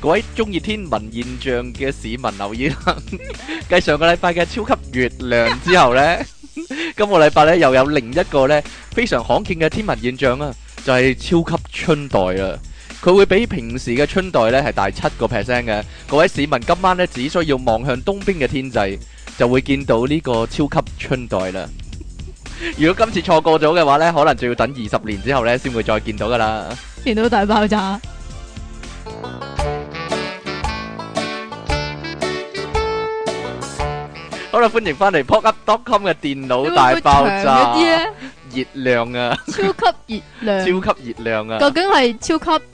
各位中意天文現象嘅市民留意啦！繼上個禮拜嘅超級月亮之後咧，今個禮拜咧又有另一個咧非常罕見嘅天文現象啦，就係超級春代啦。佢會比平時嘅春代咧係大七個 percent 嘅。各位市民今晚咧只需要望向東邊嘅天際，就會見到呢個超級春代啦。如果今次錯過咗嘅話咧，可能就要等二十年之後咧先會再見到噶啦。見到大爆炸。好啦，歡迎翻嚟 PopUp.Com 嘅電腦大爆炸，熱量啊，超級熱量，超級熱量啊，究竟係超級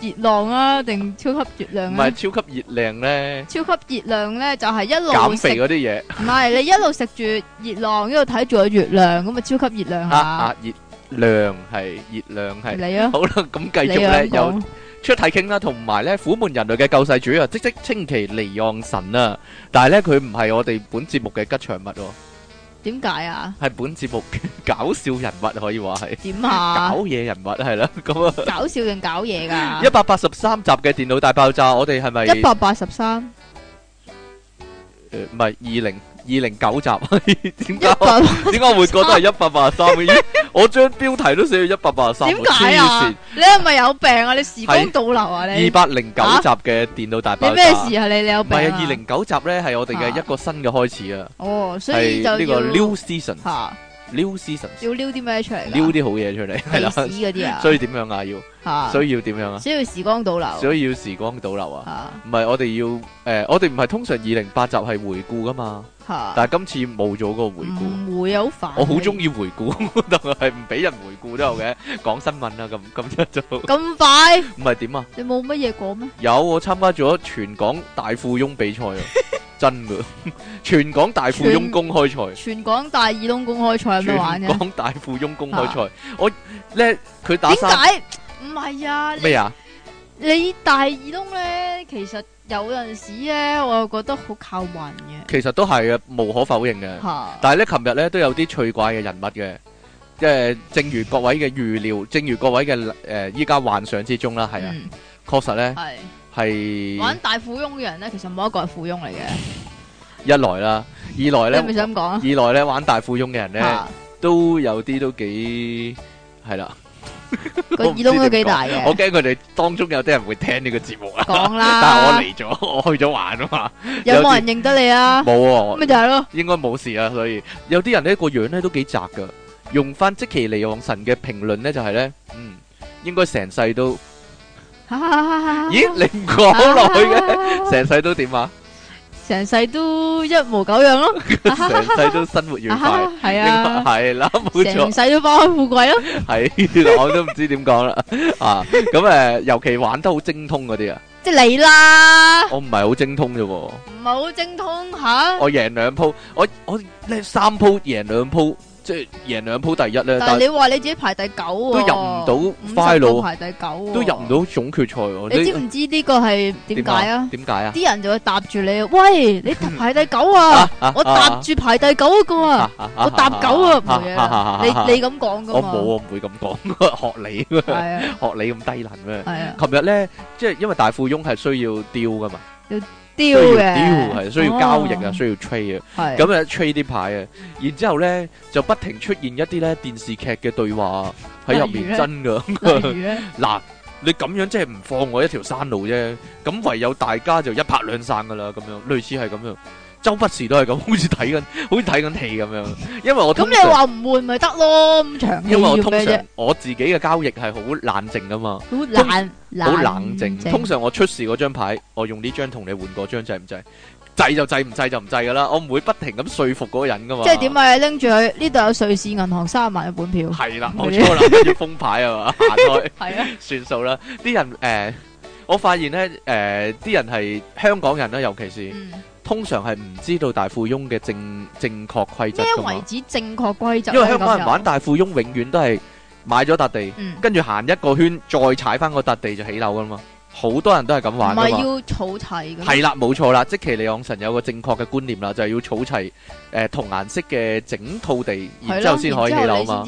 熱浪啊，定超級熱量啊，唔係超級熱量咧，超級熱量咧就係一路減肥嗰啲嘢食，唔係你一路食住熱浪，一路睇住個月亮，咁啊超級熱量吓吓，熱量係熱量係，嚟啊，好啦，咁繼續咧有。出體 king 啦，同埋咧，苦悶人類嘅救世主啊，即即積淇離岸神啊，但係咧，佢唔係我哋本節目嘅吉祥物，點解啊？係本節目搞笑人物可以話係，點啊？搞嘢人物係啦，咁啊？搞笑定搞嘢噶？一百八十三集嘅電腦大爆炸，我哋係咪一百八十三？誒，唔係二零。二零九集，點解？點解會覺得係一百八十三？我將標題都寫到一百八十三。點解啊？你係咪有病啊？你時光倒流啊？你二百零九集嘅電腦大爆炸，你咩事啊？你你有病啊？二零九集咧係我哋嘅一個新嘅開始啊！哦，所以就呢個 new season，new season 要 new 啲咩出嚟？new 啲好嘢出嚟，係啦，所以點樣啊？要，所以要點樣啊？所以要時光倒流，所以要時光倒流啊！唔係我哋要誒，我哋唔係通常二零八集係回顧噶嘛？但係今次冇咗嗰個回顧，唔會啊好煩。我好中意回顧，但係唔俾人回顧都有嘅。講新聞啊咁咁一早咁快，唔係點啊？你冇乜嘢講咩？有我參加咗全港大富翁比賽啊，真噶！全港大富翁公開賽，全港大耳窿公開賽有咩玩啫？全港大富翁公開賽，我咧佢打。點解唔係啊？咩啊？你大耳窿咧，其實有陣時咧，我又覺得好靠運嘅。其實都係嘅，無可否認嘅。啊、但係咧，琴日咧都有啲趣怪嘅人物嘅，即、呃、係正如各位嘅預料，正如各位嘅誒，依、呃、家幻想之中啦，係啊，確、嗯、實咧係係。是是玩大富翁嘅人咧，其實冇一個係富翁嚟嘅。 一來啦，二來咧，是是想講二來咧，玩大富翁嘅人咧，啊啊、都有啲都幾係啦。個耳窿都幾大嘅。我驚佢哋當中有啲人會聽呢個節目啊！講啦，但係我嚟咗，我去咗玩啊嘛！有冇人認得你啊？冇啊，咪就係咯？應該冇事啊！所以有啲人咧個樣咧都幾雜噶。用翻積淇離岸神嘅評論咧就係咧，嗯，應該成世都，咦？你唔講落去嘅，成世都點啊？成世都一模狗樣咯，成世都生活愉快，係啊，係啦，冇錯，成世都花開富貴咯，係我都唔知點講啦啊！咁誒，尤其玩得好精通嗰啲啊，即係你啦，我唔係好精通啫喎，唔係好精通吓，我贏兩鋪，我我叻三鋪，贏兩鋪。即係贏兩鋪第一咧，但係你話你自己排第九喎，都入唔到快排第九，都入唔到總決賽喎。你知唔知呢個係點解啊？點解啊？啲人就會搭住你，喂，你排第九啊？我搭住排第九嗰個啊，我搭九啊，唔係啊。你你咁講噶我冇，我唔會咁講，學你，啊，學你咁低能咩？係啊。琴日咧，即係因為大富翁係需要吊噶嘛。需要 deal，係需要交易啊，哦、需要 trade 啊是，咁啊 trade 啲牌啊，然之後呢，就不停出現一啲呢電視劇嘅對話喺入面，真噶，嗱，你咁樣即係唔放我一條生路啫，咁唯有大家就一拍兩散噶啦，咁樣類似係咁樣。周不時都係咁，好似睇緊，好似睇緊戲咁樣。因為我咁你話唔換咪得咯，咁長，因為我通常我自己嘅交易係好冷靜啊嘛，好冷好冷靜。通常我出示嗰張牌，我用呢張同你換嗰張，制唔制？制就制，唔制就唔制噶啦。我唔會不停咁說服嗰個人噶嘛。即係點啊？拎住佢呢度有瑞士銀行卅萬嘅本票。係啦，冇錯啦，要封牌啊嘛。係啊，算數啦。啲人誒，我發現咧誒，啲人係香港人啦，尤其是。通常係唔知道大富翁嘅正正確規則㗎嘛，咩為止正確規則？因為香港人玩大富翁，永遠都係買咗笪地，嗯、跟住行一個圈，再踩翻個笪地就起樓㗎嘛。好多人都係咁玩噶嘛，唔係要儲齊係啦，冇錯啦。積淇離岸神有個正確嘅觀念啦，就係、是、要儲齊誒、呃、同顏色嘅整套地，然啦之後先可以起樓啊嘛。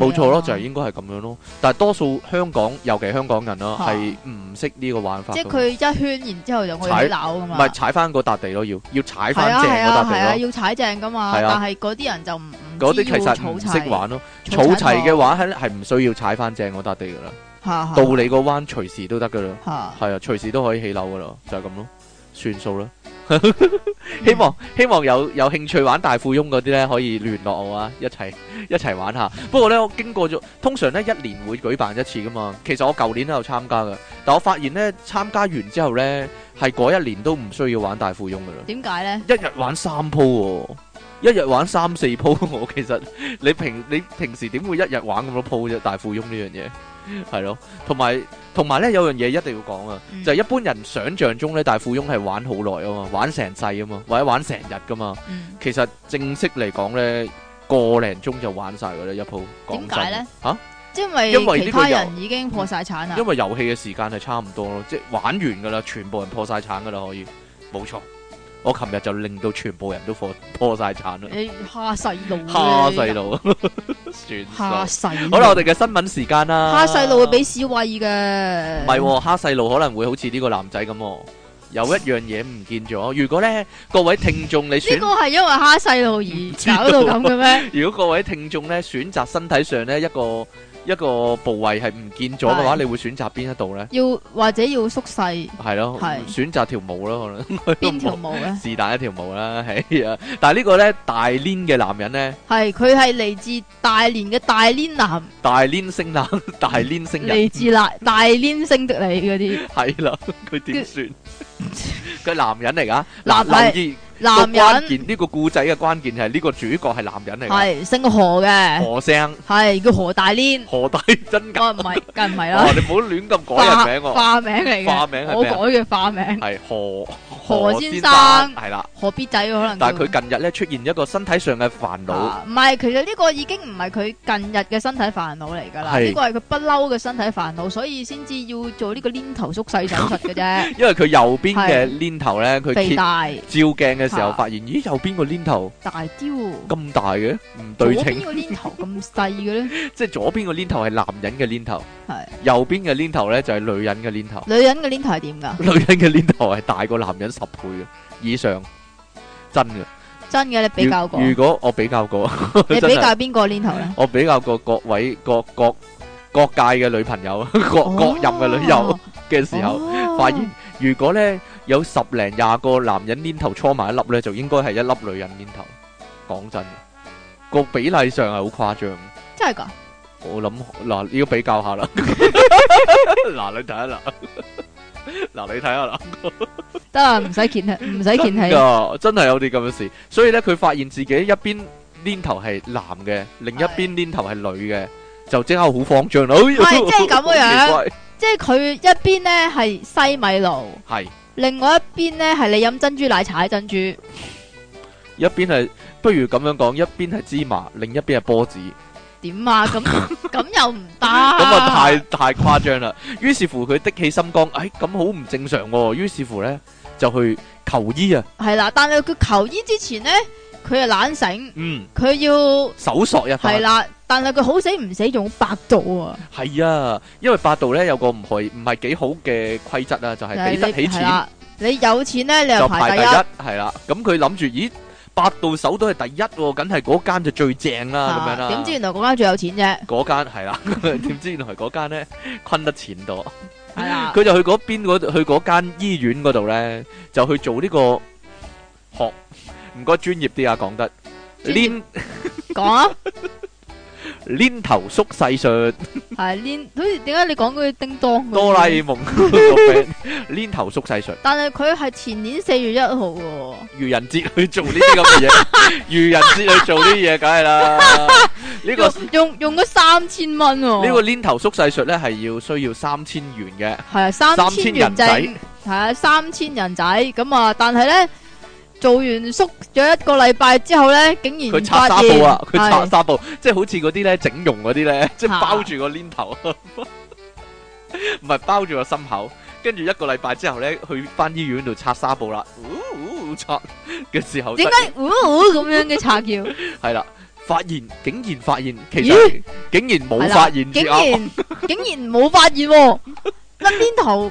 冇錯咯，就係應該係咁樣咯。但係多數香港，尤其香港人啦，係唔識呢個玩法。即係佢一圈，然之後就可以起樓嘛？唔係踩翻嗰笪地咯，要要踩翻正嗰笪地咯，啊啊啊。要踩正噶嘛？啊、但係嗰啲人就唔啲其實唔識玩咯。儲齊嘅話咧，係唔需要踩翻正嗰笪地噶啦。到你個彎隨時都得噶啦，係 啊，隨時都可以起樓噶啦，就係咁咯，算數啦。 希望，麼希望有有興趣玩大富翁嗰啲呢，可以聯絡我啊，一齊一齊玩下。不過呢，我經過咗通常呢一年會舉辦一次噶嘛。其實我舊年都有參加噶，但我發現呢，參加完之後呢，係嗰一年都唔需要玩大富翁噶啦。點解呢？一日玩三鋪喎。一日玩三四鋪，我其實，你平你平時點會一日玩咁多鋪啫？大富翁 呢樣嘢係咯，同埋同埋咧有樣嘢一定要講啊，嗯、就係一般人想象中咧，大富翁係玩好耐啊嘛，玩成世啊嘛，或者玩成日噶嘛。嗯、其實正式嚟講咧，個零鐘就玩晒噶啦，一鋪。點解咧？吓，因為、啊、因為其他人已經破晒產啦。因為遊戲嘅時間係差唔多咯，即係玩完噶啦，全部人破晒產噶啦，可以，冇錯。我琴日就令到全部人都破破晒產啦！你蝦細路，蝦細路，算蝦細。好啦，我哋嘅新聞時間啦！蝦細路會俾小慧嘅，唔係，蝦細路可能會好似呢個男仔咁、哦， 有一樣嘢唔見咗。如果咧，各位聽眾你選呢個係因為蝦細路而搞到咁嘅咩？知 如果各位聽眾咧選擇身體上咧一個。一個部位係唔見咗嘅話，對你會選擇邊一度咧？要或者要縮細？係咯了，對選擇條毛咯，可能邊條毛咧？是但 一條毛啦，係啊！但係呢個咧大連嘅男人咧，係佢係嚟自大連嘅大連男，大連星男，大連星人嚟自大大連星的你嗰啲，係啦， 佢點算？佢它 男人嚟噶，男男辣來男人呢，呢個故仔嘅關鍵係呢個主角係男人嚟，係姓何嘅，何聲聲係叫何大鏈，何大真假唔係，梗唔係啦，啊、 你唔好亂咁改人名，啊化，化名嚟嘅，化名係我改嘅化名係何。何先生係啦，何必仔可能。但係佢近日咧出現一個身體上嘅煩惱。唔係，其實呢個已經唔係佢近日嘅身體煩惱嚟噶啦，呢個係佢不嬲嘅身體煩惱，所以先至要做呢個奶頭縮細手術嘅啫。因為佢右邊嘅奶頭咧，佢大照鏡嘅時候發現，咦，右邊個奶頭大啲喎，咁大嘅唔對稱。左邊個奶頭咁細嘅咧，即係左邊個奶頭係男人嘅奶頭，右邊嘅奶頭咧就係女人嘅奶頭。女人嘅奶頭係點噶？女人嘅奶頭係大過男人。十倍嘅以上，真嘅，真嘅，你比較過？如果我比較過，你比較邊個粘頭呢？我比較過各位各各各界嘅女朋友，各各任嘅女友嘅時候，發現如果呢有十零廿個男人粘頭搓埋一粒呢，就應該係一粒女人粘頭。講真，個比例上係好誇張。真係噶？我諗。嗱，你要比較下啦。嗱，你睇下啦。嗱，你睇下啦，得啦，唔使見啦，唔使見，係，真係有啲咁嘅事，所以呢，佢發現自己一邊念頭係男嘅，另一邊念頭係女嘅，就即刻好慌張。唔係，即係咁嘅樣，即係佢一邊呢係西米露，係，另外一邊呢係你飲珍珠奶茶嘅珍珠，一邊係不如咁樣講，一邊係芝麻，另一邊係波子。點啊，咁咁又唔得咁啊 就太太誇張啦！於 是乎佢的起心肝，哎咁好唔正常喎，啊！於是乎咧就去求醫啊！係啦，但係佢求醫之前咧，佢又懶醒，嗯，佢要搜索一下。係啦，但係佢好死唔死用百度啊！係啊，因為百度咧有個唔可以唔係幾好嘅規則啊，就係俾得起錢你。你有錢咧，你就排第一。係啦，咁佢諗住，咦，嗯？嗯嗯百度搜都係第一喎、哦，梗係嗰間就最正啦，咁、啊、樣啦。點知原來嗰間最有錢啫？嗰間係啦，點 知原來嗰間咧，坤得錢多。係 啊，佢就去嗰邊去嗰間醫院嗰度咧，就去做呢、呢個學，唔該專業啲啊，講得練講。攣頭縮細術係攣，好似點解你講佢個叮當？哆啦 A 夢攣頭縮細術， 但係佢係前年四月一號喎。愚人節去做呢啲咁嘅嘢， 愚人節去做呢啲嘢，梗係啦。呢、 呢個用用咗三千蚊喎、啊。個水水呢個攣頭縮細術咧係要需要三千元嘅，係 三千人仔，係啊 三千人仔咁啊！但係咧。做完縮咗一個禮拜之後咧，竟然佢拆紗布啊！佢拆紗布，是即係好似嗰啲咧整容嗰啲咧，即係包住個黏頭，唔係是 包住個心口。跟住一個禮拜之後咧，去返醫院度拆紗布啦。嗚、哦、拆、嘅、哦、時候，點解嗚咁樣嘅拆叫？係啦， 發現竟然發現，其實咦竟然冇 發現、啊，竟然竟然冇發現，捻黏頭。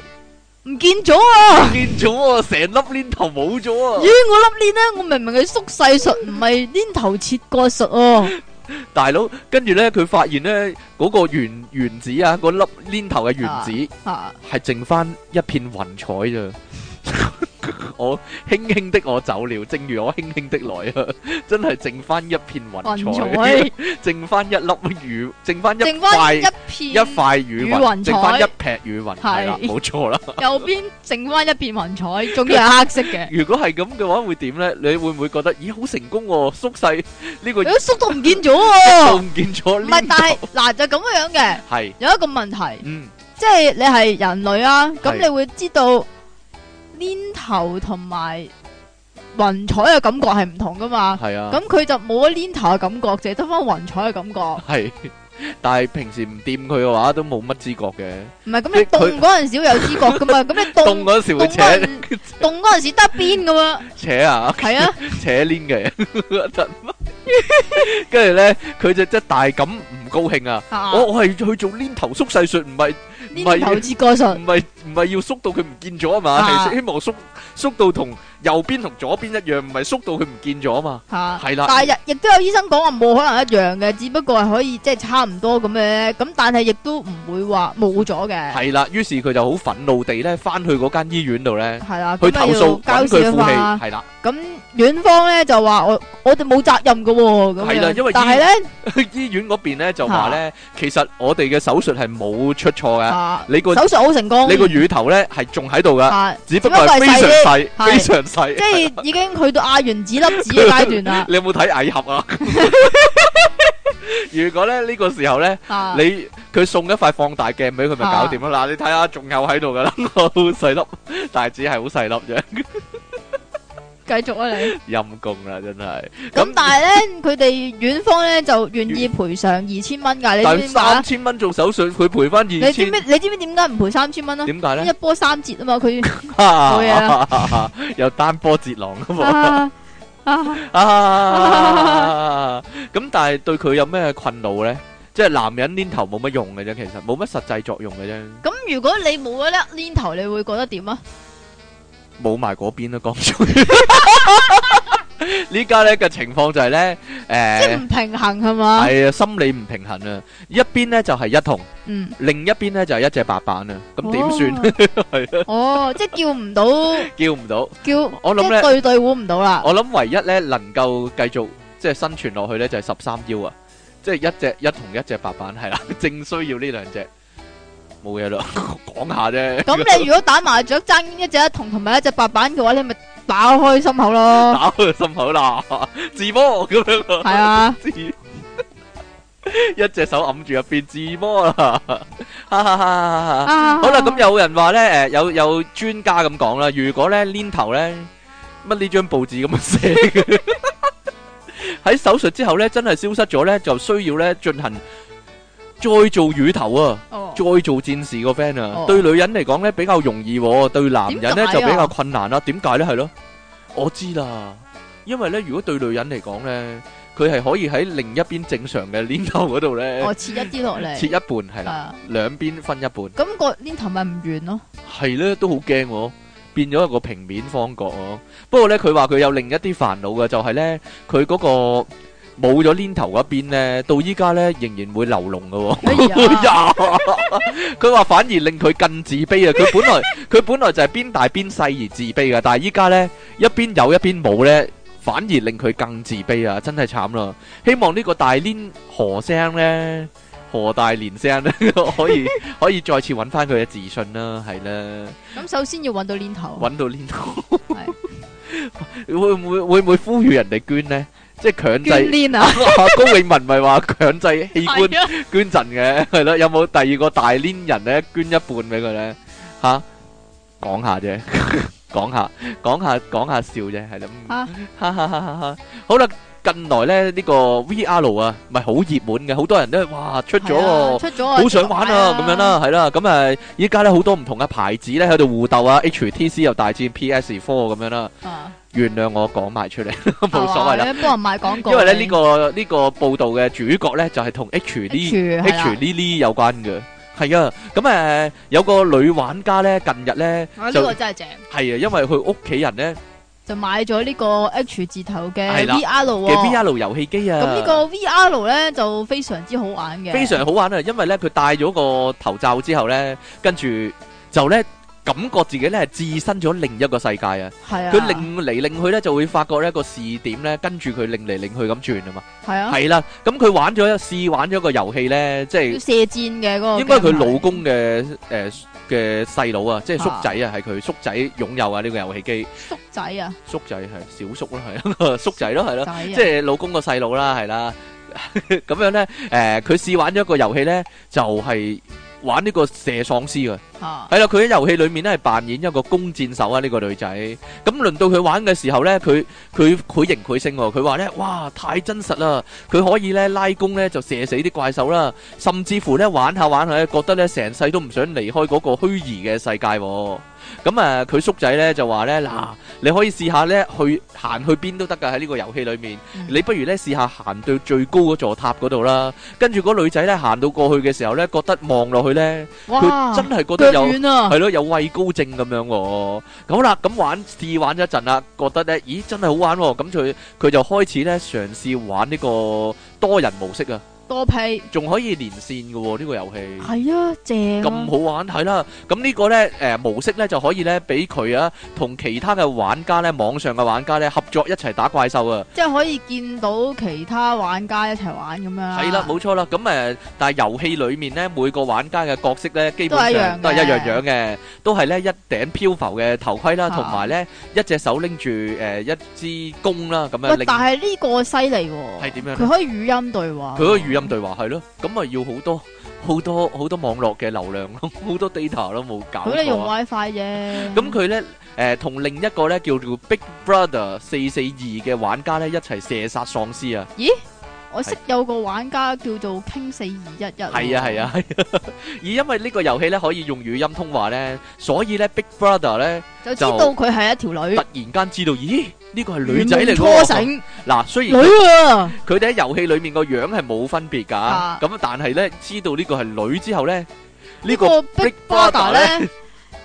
唔見咗啊， 啊！唔見咗啊！成粒鏈頭冇咗啊！咦，我粒鏈咧，我明明係縮細術，唔係鏈頭切割術啊 大！大佬。跟住咧，佢發現咧嗰、嗰個原原子啊，嗰粒鏈頭嘅原子啊，係、啊、剩翻一片雲彩咋。我輕輕的我走了，正如我輕輕的來啊，真係剩翻一片雲彩，剩翻一粒雨，剩翻一塊一片一塊雨雲，剩翻一撇雨雲，係啦，冇錯啦。右邊剩翻一片雲彩，仲要係黑色嘅。如果係咁嘅話，會點咧？你會唔會覺得？咦，好成功哦！縮細呢個，縮都唔見咗，唔見咗。唔係，但係嗱，就咁樣嘅。係有一個問題，嗯，即係你係人類啊，咁你會知道。黏頭同埋雲彩嘅感覺係唔同噶嘛？係啊，咁佢就冇咗黏頭嘅感覺，淨係得翻雲彩嘅感覺。係，但係平時唔掂佢嘅話，都冇乜知覺嘅。唔係，咁你凍嗰陣時有知覺噶嘛？咁你凍嗰時會扯，凍嗰陣時得邊噶喎？扯啊！係啊，扯黏嘅一陣，跟住咧，佢就即係大感唔高興啊！我我係去做黏頭縮細術，唔係唔係投資割術，唔係。唔係要縮到佢唔見咗啊嘛。其實希望縮縮到同右邊同左邊一樣，唔係縮到佢唔見咗啊嘛。吓係啦，但係亦都有醫生講話冇可能一樣嘅，只不過係可以即係差唔多咁嘅，咁但係亦都唔會話冇咗嘅。係啦，於是佢就好憤怒地咧翻去嗰間醫院度咧，係啦去投訴揾佢負氣，係啦。咁院方咧就話我我哋冇責任噶，咁係啦，因為但係咧醫院嗰邊咧就話咧，其實我哋嘅手術係冇出錯嘅，你個手術好成功，呢個月。乳頭咧係仲喺度噶，只不過係非常細，是非常細，即係是的已經去到阿原指粒指嘅階段啦。 你有冇睇蟻俠啊？ 如果咧呢、呢個時候咧， 你佢送一塊放大鏡俾佢，咪搞掂咯。嗱， 你睇下仲有喺度噶啦，好 細粒但係指係好細粒樣。繼續啊你，陰公啦真係，咁但係咧，佢哋院方咧就願意賠償二千蚊噶，你知唔知啊？三千蚊做手術，佢賠翻二千。你知唔知？你知唔知點解唔賠三千蚊啊？點解咧？一波三折啊嘛，佢要。會啊，有單波節浪啊嘛。啊咁但係對佢有咩困擾咧？即係男人拎頭冇乜用嘅啫，其實冇乜實際作用嘅啫。咁如果你冇咗粒拎頭，你會覺得點啊？冇埋嗰邊啦，江總。呢家咧嘅情況就係咧，誒，即係唔平衡係嘛？係啊，心理唔平衡啊！一邊咧就係一筒，嗯，另一邊咧就係一隻白板啊！咁點算？係啊。哦，即係叫唔到，叫唔到，叫。我諗咧，對對換唔到啦。我諗唯一咧能夠繼續即係生存落去咧，就係十三幺啊！即係一隻一筒，一隻白板，係啦，正需要呢兩隻。冇嘢咯，講下啫。咁你如果打麻雀爭一隻紅同埋一隻白板嘅話，你咪打開心口咯。打開心口啦，自摸咁樣咯。係啊，自摸。一隻手揞住入邊自摸啦。啊，好啦，咁有人話咧，誒，有有專家咁講啦，如果咧粘頭咧乜呢張報紙咁樣寫嘅，喺手術之後咧，真係消失咗咧，就需要咧進行。再做乳頭啊，再做戰士個 friend 啊，對女人嚟講呢，比較容易，對男人呢就比較困難啦。點解呢？係咯，我知啦。因為呢，如果對女人嚟講呢，佢係可以喺另一邊正常嘅鏈頭嗰度呢，切一啲落嚟，切一半係啦，兩邊分一半。咁個鏈頭咪唔圓咯？係呢，都好驚，變咗一個平面方角。不過呢，佢話佢有另一啲煩惱嘅，就係呢，佢嗰個。冇咗黏頭嗰邊呢，到依家呢，仍然會流膿噶、哦。佢話、哎、呀 反而令佢更自卑啊！佢本來佢本來就係邊大邊細而自卑噶，但係依家呢，一邊有一邊冇呢，反而令佢更自卑啊！真係慘啦！希望呢個大黏河聲呢、河大連聲呢， 可以可以再次搵翻佢嘅自信啦，係啦。咁首先要搵到黏頭，搵到黏頭 的， 會唔會會唔會呼籲人哋捐呢？即係強制捐啊！ 高永文咪話強制器官、啊、捐贈嘅，係咯？有冇第二個大捐人咧？捐一半俾佢咧？吓，講下啫， 講下講下講下笑啫，係啦。吓，哈哈哈哈！ 好啦，近來咧呢、這個 V R 啊，咪好熱門嘅，好多人都哇出咗，出咗，好、啊、想玩啊，咁、啊、樣啦，係啦。咁誒，依家咧好多唔同嘅牌子咧喺度互鬥啊，H T C 又大戰 P S Four 咁樣啦。原諒我講埋出嚟，冇所謂啦。有冇人買廣告。因為咧呢個呢個報道嘅主角咧就係同 H D H D D 有關嘅，係啊。咁誒有個女玩家咧近日咧呢個真係正，係啊，因為佢屋企人咧就買咗呢個 H 字頭嘅 V R 嘅 V R 遊戲機啊。咁呢個 V R 咧就非常之好玩嘅，非常好玩啊！因為咧佢戴咗個頭罩之後咧，跟住就咧。感覺自己咧係置身咗另一個世界啊！係啊，佢擰嚟擰去咧就會發覺咧個視點咧跟住佢擰嚟擰去咁轉啊嘛！係啊，係啦，咁佢玩咗一試玩咗個遊戲咧，即係射箭嘅嗰個應該佢老公嘅誒嘅細佬啊，即係叔仔啊，係佢叔仔擁有啊呢個遊戲機。叔仔啊，叔仔係小叔咯，係啊，叔仔咯，係咯，即係老公個細佬啦，係啦，咁樣咧誒，佢試玩咗個遊戲咧，就係。玩呢個射喪屍嘅，係啦、啊，佢喺遊戲裏面咧係扮演一個弓箭手啊，呢、這個女仔，咁輪到佢玩嘅時候呢，佢佢佢型佢勝喎，佢話、啊、呢：「哇，太真實啦，佢可以呢，拉弓呢，就射死啲怪獸啦，甚至乎呢，玩下玩下咧，覺得呢，成世都唔想離開嗰個虛擬嘅世界、啊。咁、嗯、啊，佢叔仔咧就話咧，嗱，你可以試下咧，去，去行去邊都得噶，喺呢個遊戲裏面，嗯、你不如咧試下行到最高嗰座塔嗰度啦。跟住個女仔咧行到過去嘅時候咧，覺得望落去咧，佢哇真係覺得有係咯、啊，有畏高症咁樣。咁好啦，咁玩試玩咗一陣啦，覺得咧，咦，真係好玩、哦。咁佢佢就開始咧嘗試玩呢個多人模式啊。多批仲可以連線喎，呢個遊戲係啊，正咁好玩係啦。咁呢個咧，誒模式咧就可以咧，俾佢啊同其他嘅玩家咧，網上嘅玩家咧合作一齊打怪獸啊！即係可以見到其他玩家一齊玩咁樣。係啦，冇錯啦。咁誒，但係遊戲裏面咧，每個玩家嘅角色咧，基本上都係一樣樣嘅，都係咧一頂漂浮嘅頭盔啦，同埋咧一隻手拎住誒一支弓啦，咁樣。但係呢個犀利喎，係點樣？佢可以語音對話。佢可以。針對話係咯，咁咪要好多好多好多網絡嘅流量咯，好多 data 都冇搞。咁你用 WiFi 嘅。咁佢咧，誒，同另一個咧叫做 Big Brother 四四二嘅玩家咧一齊射殺喪屍啊！咦？我識有個玩家叫做傾四二一一，係啊係啊，而因為呢個遊戲咧可以用語音通話咧，所以咧 Big Brother 咧就知道佢係一條女，突然間知道咦呢個係女仔嚟，夢初醒嗱，雖然女啊佢哋喺遊戲裏面個樣係冇分別噶，咁但係咧知道呢個係女之後咧，呢個 Big Brother 咧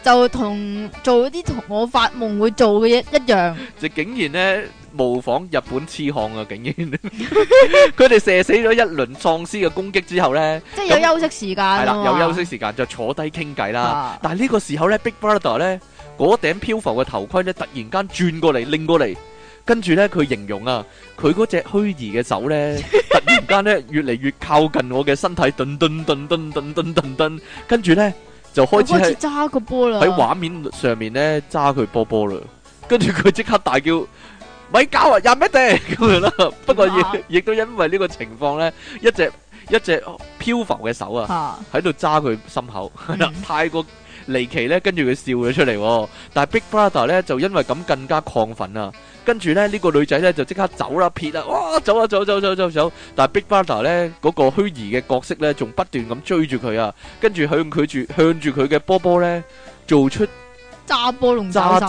就同做啲同我發夢會做嘅嘢一樣，就竟然咧。模仿日本痴漢啊！竟然佢哋射死咗一輪喪屍嘅攻擊之後咧，即係有休息時間係啦，有休息時間就坐低傾偈啦。但係呢個時候咧，Big Brother 咧嗰頂漂浮嘅頭盔咧，突然間轉過嚟，拎過嚟，跟住咧佢形容啊，佢嗰隻虛擬嘅手咧，突然間咧越嚟越靠近我嘅身體，頓頓頓頓頓頓頓，跟住咧就開始揸個波啦。喺畫面上面咧揸佢波波啦，跟住佢即刻大叫。咪搞啊，任乜地咁樣咯。不過亦亦都因為呢個情況咧，一隻一隻漂浮嘅手啊，喺度揸佢心口，太過離奇咧。跟住佢笑咗出嚟。但係 Big Brother 咧就因為咁更加亢奮啊。跟住咧呢個女仔咧就即刻走啦，撇啦，哇，走啊，走走走走走。但係 Big Brother 咧嗰個虛擬嘅角色咧，仲不斷咁追住佢啊。跟住向佢住向住佢嘅波波咧做出，揸波龍，揸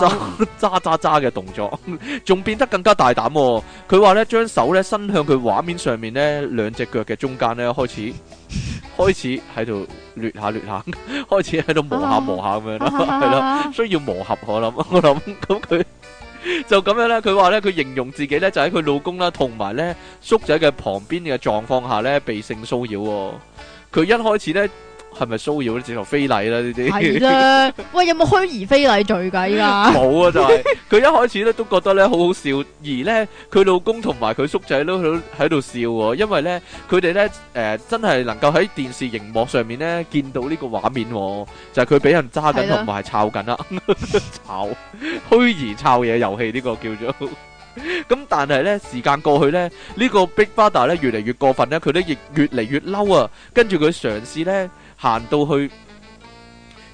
揸揸揸嘅動作，仲變得更加大膽。佢話咧，將手咧伸向佢畫面上面咧兩隻腳嘅中間咧，開始 開始喺度掠下掠下，開始喺度磨下磨下咁、啊、這樣咯，係咯，需要磨合我諗、啊，啊啊、 我諗咁佢就咁樣咧。佢話咧，佢形容自己咧就喺佢老公啦同埋咧叔仔嘅旁邊嘅狀況下咧被性騷擾。佢一開始咧。係咪騷擾咧？只圖非禮啦？呢啲係啦。喂，有冇虛擬非禮罪㗎？冇啊！就係佢一開始咧，都覺得咧好好笑，而咧佢老公同埋佢叔仔咧喺度喺度笑喎，因為咧佢哋咧誒真係能夠喺電視熒幕上面咧見到呢個畫面喎，就係佢俾人揸緊同埋係摷緊啦，摷虛擬摷嘢遊戲呢個叫做咁。但係咧時間過去咧，呢個 Big Brother 咧越嚟越過分咧，佢都亦越嚟越嬲啊！跟住佢嘗試咧。行到去，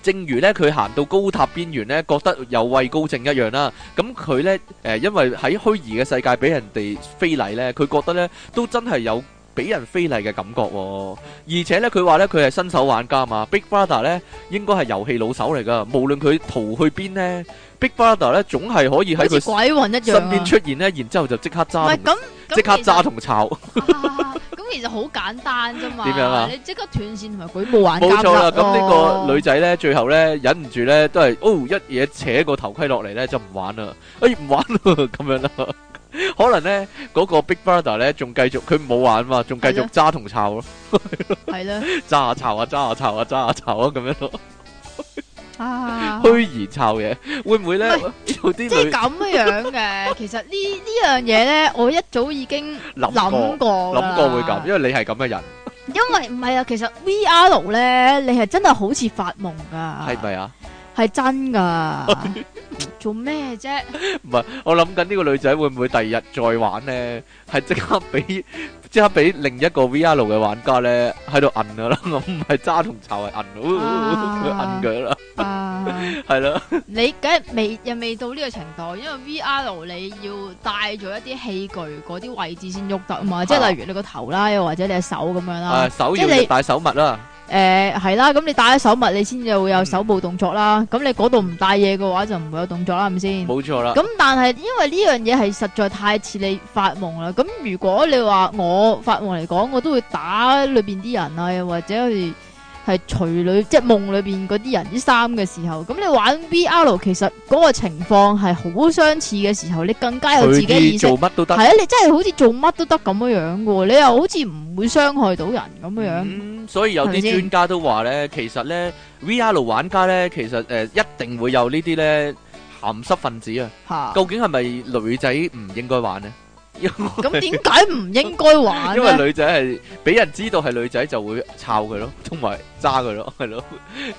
正如呢，佢行到高塔邊緣呢，覺得有畏高症一樣啦。咁佢呢，誒，因為喺虛擬嘅世界俾人哋非禮呢，佢覺得呢都真係有俾人非禮嘅感覺。而且呢，佢話呢，佢係新手玩家嘛，Big Brother 呢應該係遊戲老手嚟噶，無論佢逃去邊呢。Big Brother 咧，總係可以喺佢身邊出現咧，然之後就即刻揸，唔係咁即刻揸同抄。咁其實好簡單啫嘛。點樣啊？你即刻斷線同埋佢冇玩。冇錯啦。咁呢個女仔咧，最後咧忍唔住咧，都係哦一嘢扯個頭盔落嚟咧，就唔玩啦。哎，唔玩啦，咁樣啦。可能咧，嗰個 Big Brother 咧，仲繼續佢冇玩嘛，仲繼續揸同抄咯。係咯。揸啊！抄啊！揸啊！抄啊！揸啊！抄啊！咁樣咯。 虛擬抄嘢，會唔會咧？即係咁樣嘅， 其實呢呢樣嘢咧，我一早已經諗過，諗 過會咁，因為你係咁嘅人。 因為唔係啊，其實 VR 咧，你係真係好似發夢噶，係咪啊？係真噶。 做咩啫？唔係 我諗緊呢個女仔會唔會第二日再玩呢？係即刻俾即刻俾另一個 VR 嘅玩家呢，喺度摁佢啦！我唔係揸同炒，係摁佢啦。哦啊 嗯啊係啦， 你梗係未又未到呢個程度，因為 V R 你要帶咗一啲器具，嗰啲位置先喐得嘛，是啊、即係例如你個頭啦，又或者你隻手咁樣啦，啊、手手啦即係你戴手襪啦。誒，係啦，咁你戴咗手襪，你先至會有手部動作啦。咁、嗯、你嗰度唔帶嘢嘅話，就唔會有動作啦，係咪先？冇錯錯啦。咁但係因為呢樣嘢係實在太似你發夢啦。咁如果你話我發夢嚟講，我都會打裏邊啲人啊，又或者係。係除女即係夢裏邊嗰啲人啲衫，嘅時候，咁你玩 VR 其實嗰個情況係好相似嘅時候，你更加有自己意識做乜都得，係啊，你真係好似做乜都得咁樣樣、啊、嘅，你又好似唔會傷害到人咁樣樣、嗯。所以有啲專家都話咧吧，其實咧 VR 玩家咧，其實誒一定會有呢啲咧鹹濕分子啊。 究竟係咪女仔唔應該玩呢？咁點解唔應該玩咧？因為女仔係俾人知道係女仔就會抄佢咯，同埋揸佢咯，係咯。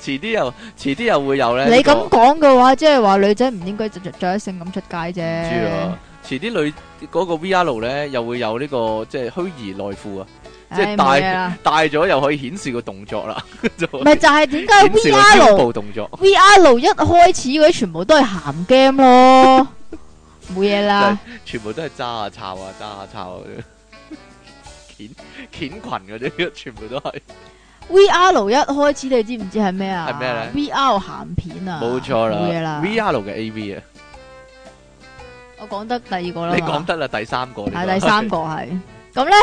遲啲又遲啲又會有咧。你咁講嘅話，即係話女仔唔應該着一成咁出街啫。知遲啲女嗰個 VR 咧又會有呢個呢有、這個、即係虛擬內褲啊，即係大大咗又可以顯示個動作啦。咪 就係點解 VR？VR 佬一開始嗰啲全部都係咸 game 咯。 冇嘢啦，全部都係揸下抄啊，揸下抄啊，搵群嗰啲，全部都係 V R。一開始你知唔知係咩啊？係咩咧？V R 鹹片啊！冇錯啦，冇嘢事啦。V R 嘅 A V 啊，我講得第二個啦，你講得啦，第三個係第三個係。咁咧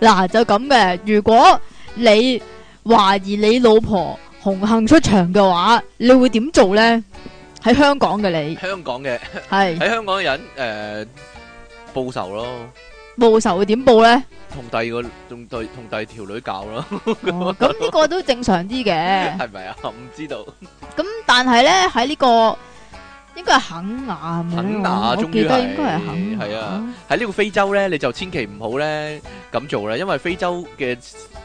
嗱就咁嘅，如果你懷疑你老婆紅杏出牆嘅話，你會點做咧？喺香港嘅你，香港嘅、係喺香港嘅人，誒，報仇咯，報仇會點報咧？同第二個仲對，同第二條女搞咯，咁呢個都正常啲嘅，係咪啊？我唔知道。咁但係咧喺呢個。應該係肯雅，肯拿我記得應該係肯雅。係啊，喺呢個非洲咧，你就千祈唔好咧咁做啦，因為非洲嘅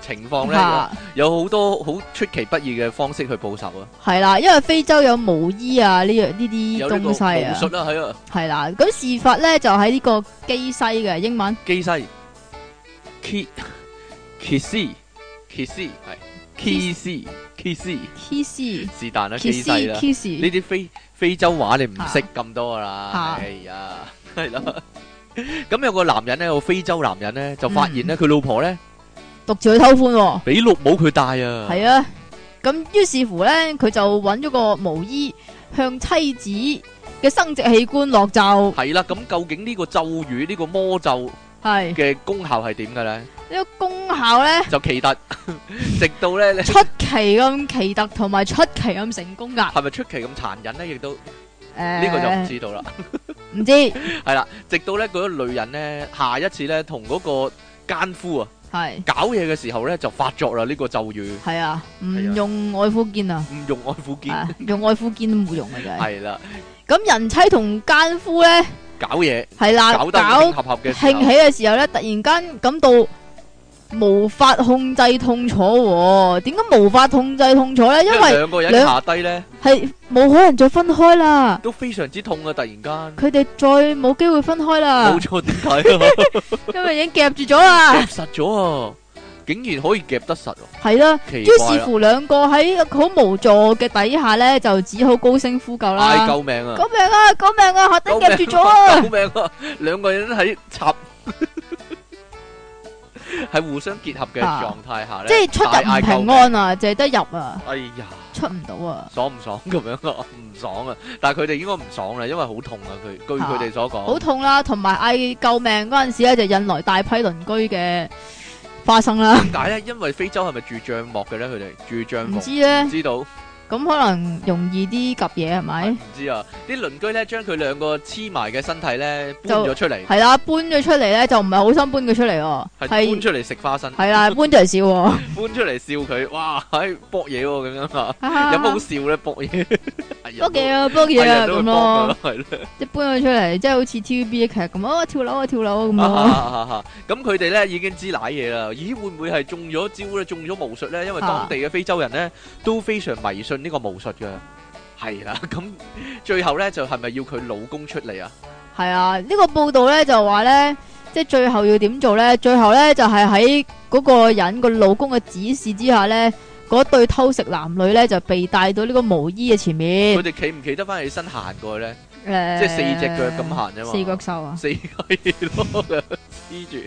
情況咧，有好多好出其不意嘅方式去報仇啊。係啦，因為非洲有毛衣啊呢樣呢啲東西啊。術啦，係啊。係啦、啊，咁、啊、事發咧就喺呢個基西嘅英文基西。Kit Kiss Kiss。。。K C K C K C 是但啦，K C 啦，呢啲非非洲話你唔識咁多噶啦，哎呀，係咯。咁有個男人咧，有個非洲男人咧，就發現咧佢老婆咧，獨自去偷歡，俾綠帽佢戴啊。係啊，咁於是乎咧，佢就搵咗個毛衣向妻子嘅生殖器官落咒。係啦，咁究竟呢個咒語呢個魔咒係嘅功效係點嘅咧？呢個功效咧就奇特，直到咧出奇咁奇特，同埋出奇咁成功噶。係咪出奇咁殘忍咧？亦都誒，呢個就唔知道啦，唔知係啦。直到咧嗰個女人咧，下一次咧同嗰個奸夫啊，係搞嘢嘅時候咧，就發作啦。呢個咒語係啊，唔用外夫劍啊，唔用外夫劍，用外夫劍都冇用啊，真係。係啦，咁人妻同奸夫咧搞嘢，係啦，搞合合嘅興起嘅時候咧，突然間感到。無法控制痛楚，點解無法控制痛楚咧？因為兩個人下低咧，係冇可能再分開啦。都非常之痛啊！突然間，佢哋再冇機會分開啦。冇錯，點解啊？因為已經夾住咗啦，夾實咗啊！竟然可以夾得實，係啦。於是乎，兩個喺好無助嘅底下咧，就只好高聲呼救啦。嗌救命啊！救命啊！救命啊！下低夾住咗啊！救命啊！兩個人喺插。喺互相結合嘅狀態下咧、啊，即係出入唔平安啊，淨係得入啊，哎呀，出唔到啊，爽唔爽咁樣啊？唔爽啊！但係佢哋應該唔爽啦，因為好痛啊！佢據佢哋所講，好、啊、痛啦、啊，同埋嗌救命嗰陣時咧，就是、引來大批鄰居嘅花生啦。點解咧？因為非洲係咪住帳幕嘅咧？佢哋住帳幕，唔知咧，知道。咁可能容易啲夾嘢，係咪？唔知啊！啲鄰居咧，將佢兩個黐埋嘅身體咧，搬咗出嚟。係啦，搬咗出嚟咧，就唔係好心搬佢出嚟，係搬出嚟食花生。係啊，搬出嚟笑。搬出嚟笑佢，哇！喺搏嘢咁樣啊，有冇好笑咧？搏嘢，搏嘢啊！搏嘢啊！咁咯，係即搬咗出嚟，即係好似 TVB 嘅劇咁啊，跳樓啊，跳樓咁咯。咁佢哋咧，已經知瀨嘢啦。咦，會唔會係中咗招咧？中咗巫術咧？因為當地嘅非洲人咧都非常迷信。呢個巫術嘅係啦，咁最後咧就係咪要佢老公出嚟啊？係啊，呢、呢個報道咧就話咧，即係最後要點做咧？最後咧就係喺嗰個人、嗰個老公嘅指示之下咧，嗰對偷食男女咧就被帶到呢個毛衣嘅前面。佢哋企唔企得翻起身行過去咧？呃、即係四隻腳咁行啫嘛，四腳獸啊，四隻腳黐住。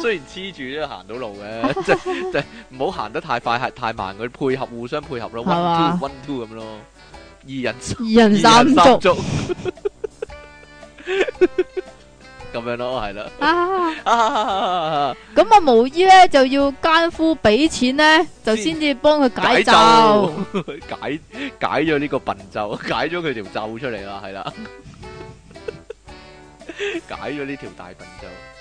雖然黐住都行到路嘅，即係即係唔好行得太快，係太慢佢配合互相配合咯 ，one two one two 咁咯，二人三二人三足咁樣咯，係 啦 。咁啊，巫醫咧就要奸夫俾錢呢，就先至幫佢解咒，解解咗呢個笨咒，解咗佢條咒出嚟啦，係啦， 解咗呢條大笨咒。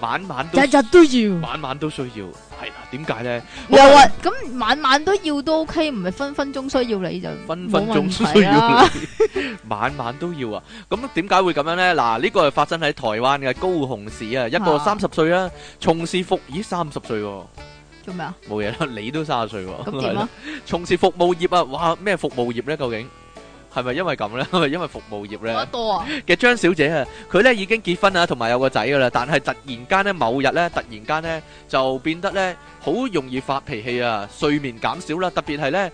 晚晚日日都要，晚晚都需要係啦。點解咧？又話咁晚晚都要都 OK，唔係分分鐘需要你就分分鐘需要你，晚晚都要啊。咁點解會咁樣咧？嗱，呢個係發生喺台灣嘅高雄市啊，一個三十歲啊，從事服咦，三十歲做咩啊？冇嘢啦，你都三十歲喎，係咯，從事服務業啊，哇咩服務業咧？究竟？係咪因為咁咧？係咪因為服務業咧？多啊！嘅張小姐啊，佢咧已經結婚啦，同埋有個仔噶啦，但係突然間咧，某日咧，突然間咧，就變得咧，好容易發脾氣啊，睡眠減少啦，特別係咧，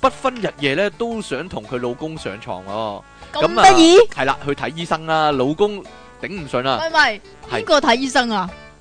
不分日夜咧，都想同佢老公上床哦。咁得意？係啦，去睇醫生啦，老公頂唔順啦。喂喂？邊個睇醫生啊？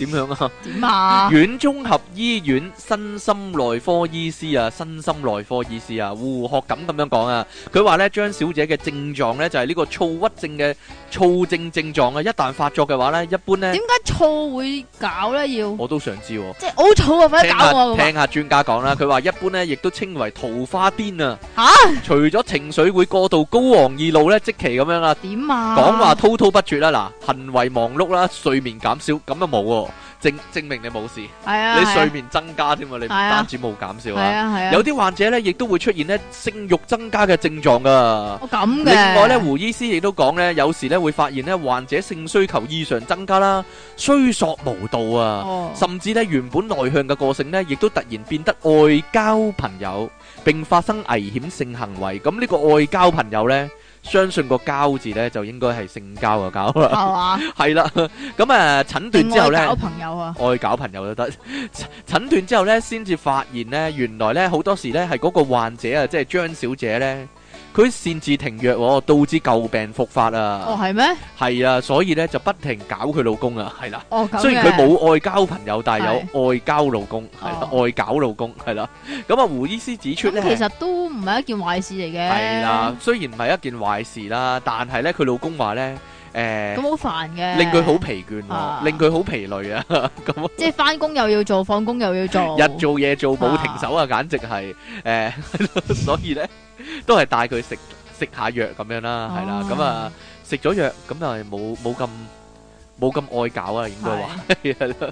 點樣啊？點啊？縣綜合醫院身心內科醫師啊，身心內科醫師啊，胡學錦咁樣講啊。佢話呢張小姐嘅症狀呢，就係、是、呢個躁鬱症嘅。躁症症狀嘅，一旦發作嘅話呢，一般呢，點解躁會搞呢？要我都想知、哦，即係好躁啊，咩搞我、啊！聽下專麼家講啦，佢話 一般呢亦都稱為桃花癲啊。吓、啊，除咗情緒會過度高昂易怒呢，即期咁樣啦。點啊？講話滔滔不絕啦，嗱，行為忙碌啦，睡眠減少，咁就冇。證證明你冇事，係啊，你睡眠增加添啊，你唔單止冇減少啊，有啲患者咧，亦都會出現咧性欲增加嘅症狀噶。咁嘅。另外咧，胡醫師亦都講咧，有時咧會發現咧患者性需求異常增加啦，需索無度啊，甚至咧原本內向嘅個性咧，亦都突然變得外交朋友，並發生危險性行為。咁呢個外交朋友咧。相信、個交字呢，就應該係性交嘅交啦。係嘛，係啦。咁啊，診斷、 嗯、之後呢，愛搞朋友啊，愛搞朋友都得。診 斷之後呢，先至發現呢，原來呢，好多時呢，係嗰個患者啊，即係張小姐呢。佢擅自停藥，導致舊病復發啊！哦，係咩？係啊，所以咧就不停搞佢老公啊，係啦。哦，雖然佢冇愛交朋友，但係有愛交老公，係、哦啊、愛搞老公，係啦。咁啊， 嗯、胡醫師指出咧，其實都唔係一件壞事嚟嘅。係啦、啊，雖然唔係一件壞事啦，但係咧佢老公話咧。誒，咁好煩嘅，令佢好疲倦，啊、令佢好疲累啊！咁 很即係翻工又要做，放工又要做，日做夜做冇、啊、停手啊！簡直係誒，欸、 所以咧都係帶佢食食下藥咁樣、啊、啦，係啦、啊，咁啊食咗藥咁就係冇冇咁。冇咁愛搞啊，應該話。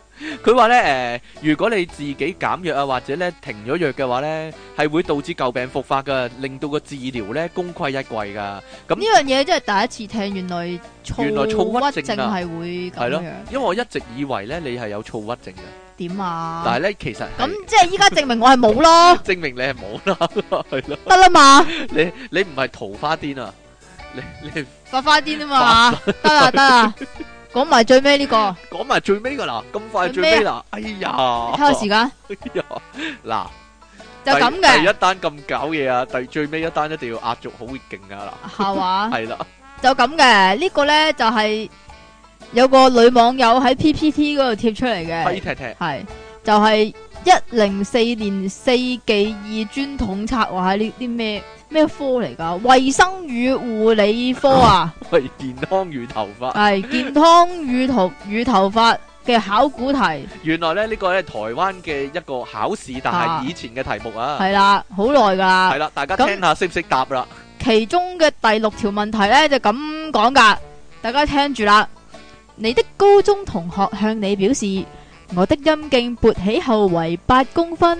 佢話咧，誒、 呃，如果你自己減藥啊，或者咧停咗藥嘅話咧，係會導致舊病復發噶，令到個治療咧功虧一簣噶。咁呢樣嘢即係第一次聽，原來躁鬱症係、啊、會咁樣。因為我一直以為咧，你係有躁鬱症嘅。點啊？但係咧，其實咁即係依家證明我係冇咯。 證明你係冇咯，係咯，得啦嘛。你你唔係桃花癲啊？你你發花癲啊嘛？得啦得啦。講埋最尾呢個，講埋最尾噶啦，咁快最尾啦，哎呀！睇下時間。哎呀，嗱，就咁嘅。第一單咁搞嘢啊，第最尾一單一定要壓軸好勁噶啦。下話？係啦，就咁嘅。呢個咧就係有個女網友喺 PPT 嗰度貼出嚟嘅，係，就係一零四年四記二專統策劃呢啲咩？咩科嚟噶？衛生與護理科啊？喂， 健康與頭髮係健康與頭與頭髮嘅考古題。原來咧呢個咧台灣嘅一個考試，但係以前嘅題目啊。係啦，啊，好耐噶啦。係啦，大家聽下識唔識答啦？其中嘅第六條問題咧就咁講噶，大家聽住啦。你的高中同學向你表示，我的陰莖勃起後為八公分。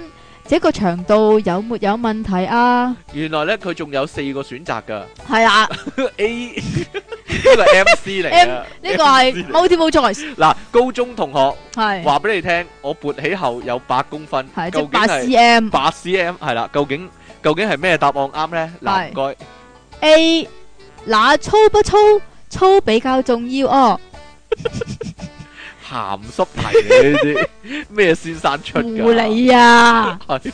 這個長度有沒有問題啊？原來咧，佢仲有四個選擇噶。係啦，A 呢個係 MC 嚟啊，M，呢個係 Multiple choice。嗱，高中同學係話俾你聽，我勃起後有八公分，係即係八 cm，八 cm 係啦。究竟究竟係咩答案啱咧？嗱，唔該，A 嗱，粗不粗，粗比較重要哦。鹹濕題呢啲咩先生出嘅？護你啊！ 是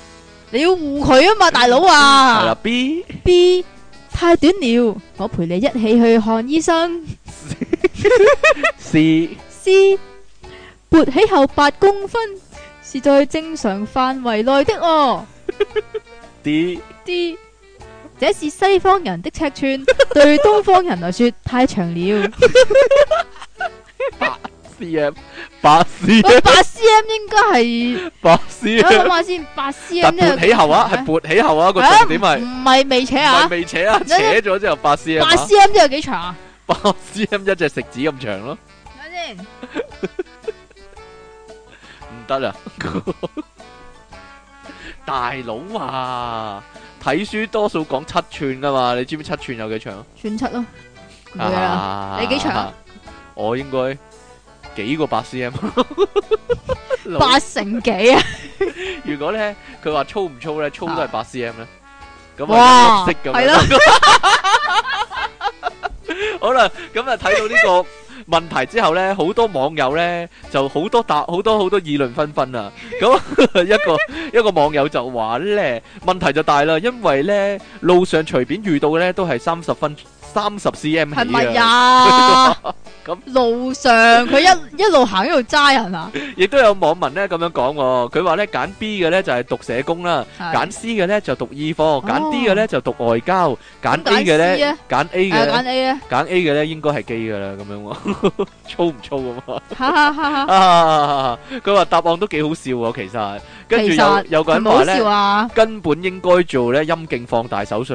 你要護佢啊嘛，大佬啊！係啦，B B 太短了，我陪你一起去看醫生。C C 勃 C, 起後八公分是在正常範圍內的哦。D D 這是西方人的尺寸，對東方人來說太長了。 C M 八 C，八 C M 應該係八 C，等我先，八 C M。特起後啊，係勃起後啊個重點係，唔係未扯啊，未扯啊，扯咗之後八 C M。八 C M 即有幾長啊？八 C M 一隻食指咁長咯。先，唔得啊！大佬啊，睇書多數講七寸噶嘛，你知唔知七寸有幾長？寸七咯，係啊，你幾長？我應該。幾個八 cm？ 老八成幾啊？ 如果咧，佢話粗唔粗咧，粗都係八 cm 咧。咁啊，唔識咁樣，樣。好啦，咁啊睇到呢個問題之後咧， 好多網友咧就好多答，好多好多議論紛紛啊。咁一個 一個網友就話咧，問題就大啦，因為咧路上隨便遇到咧都係三十分。三十 cm 係咪啊！咁路上佢一一路行一路揸人啊！亦都有網民咧咁樣講，佢話咧揀 B 嘅咧就係讀社工啦，揀 C 嘅咧就讀醫科，揀 D 嘅咧就讀外交，揀 A 嘅咧揀 A 嘅揀 A 嘅咧應該係基噶啦，咁樣粗唔粗啊？啊啊啊啊！佢話答案都幾好笑啊，其實跟住有個人話咧根本應該做咧陰莖放大手術。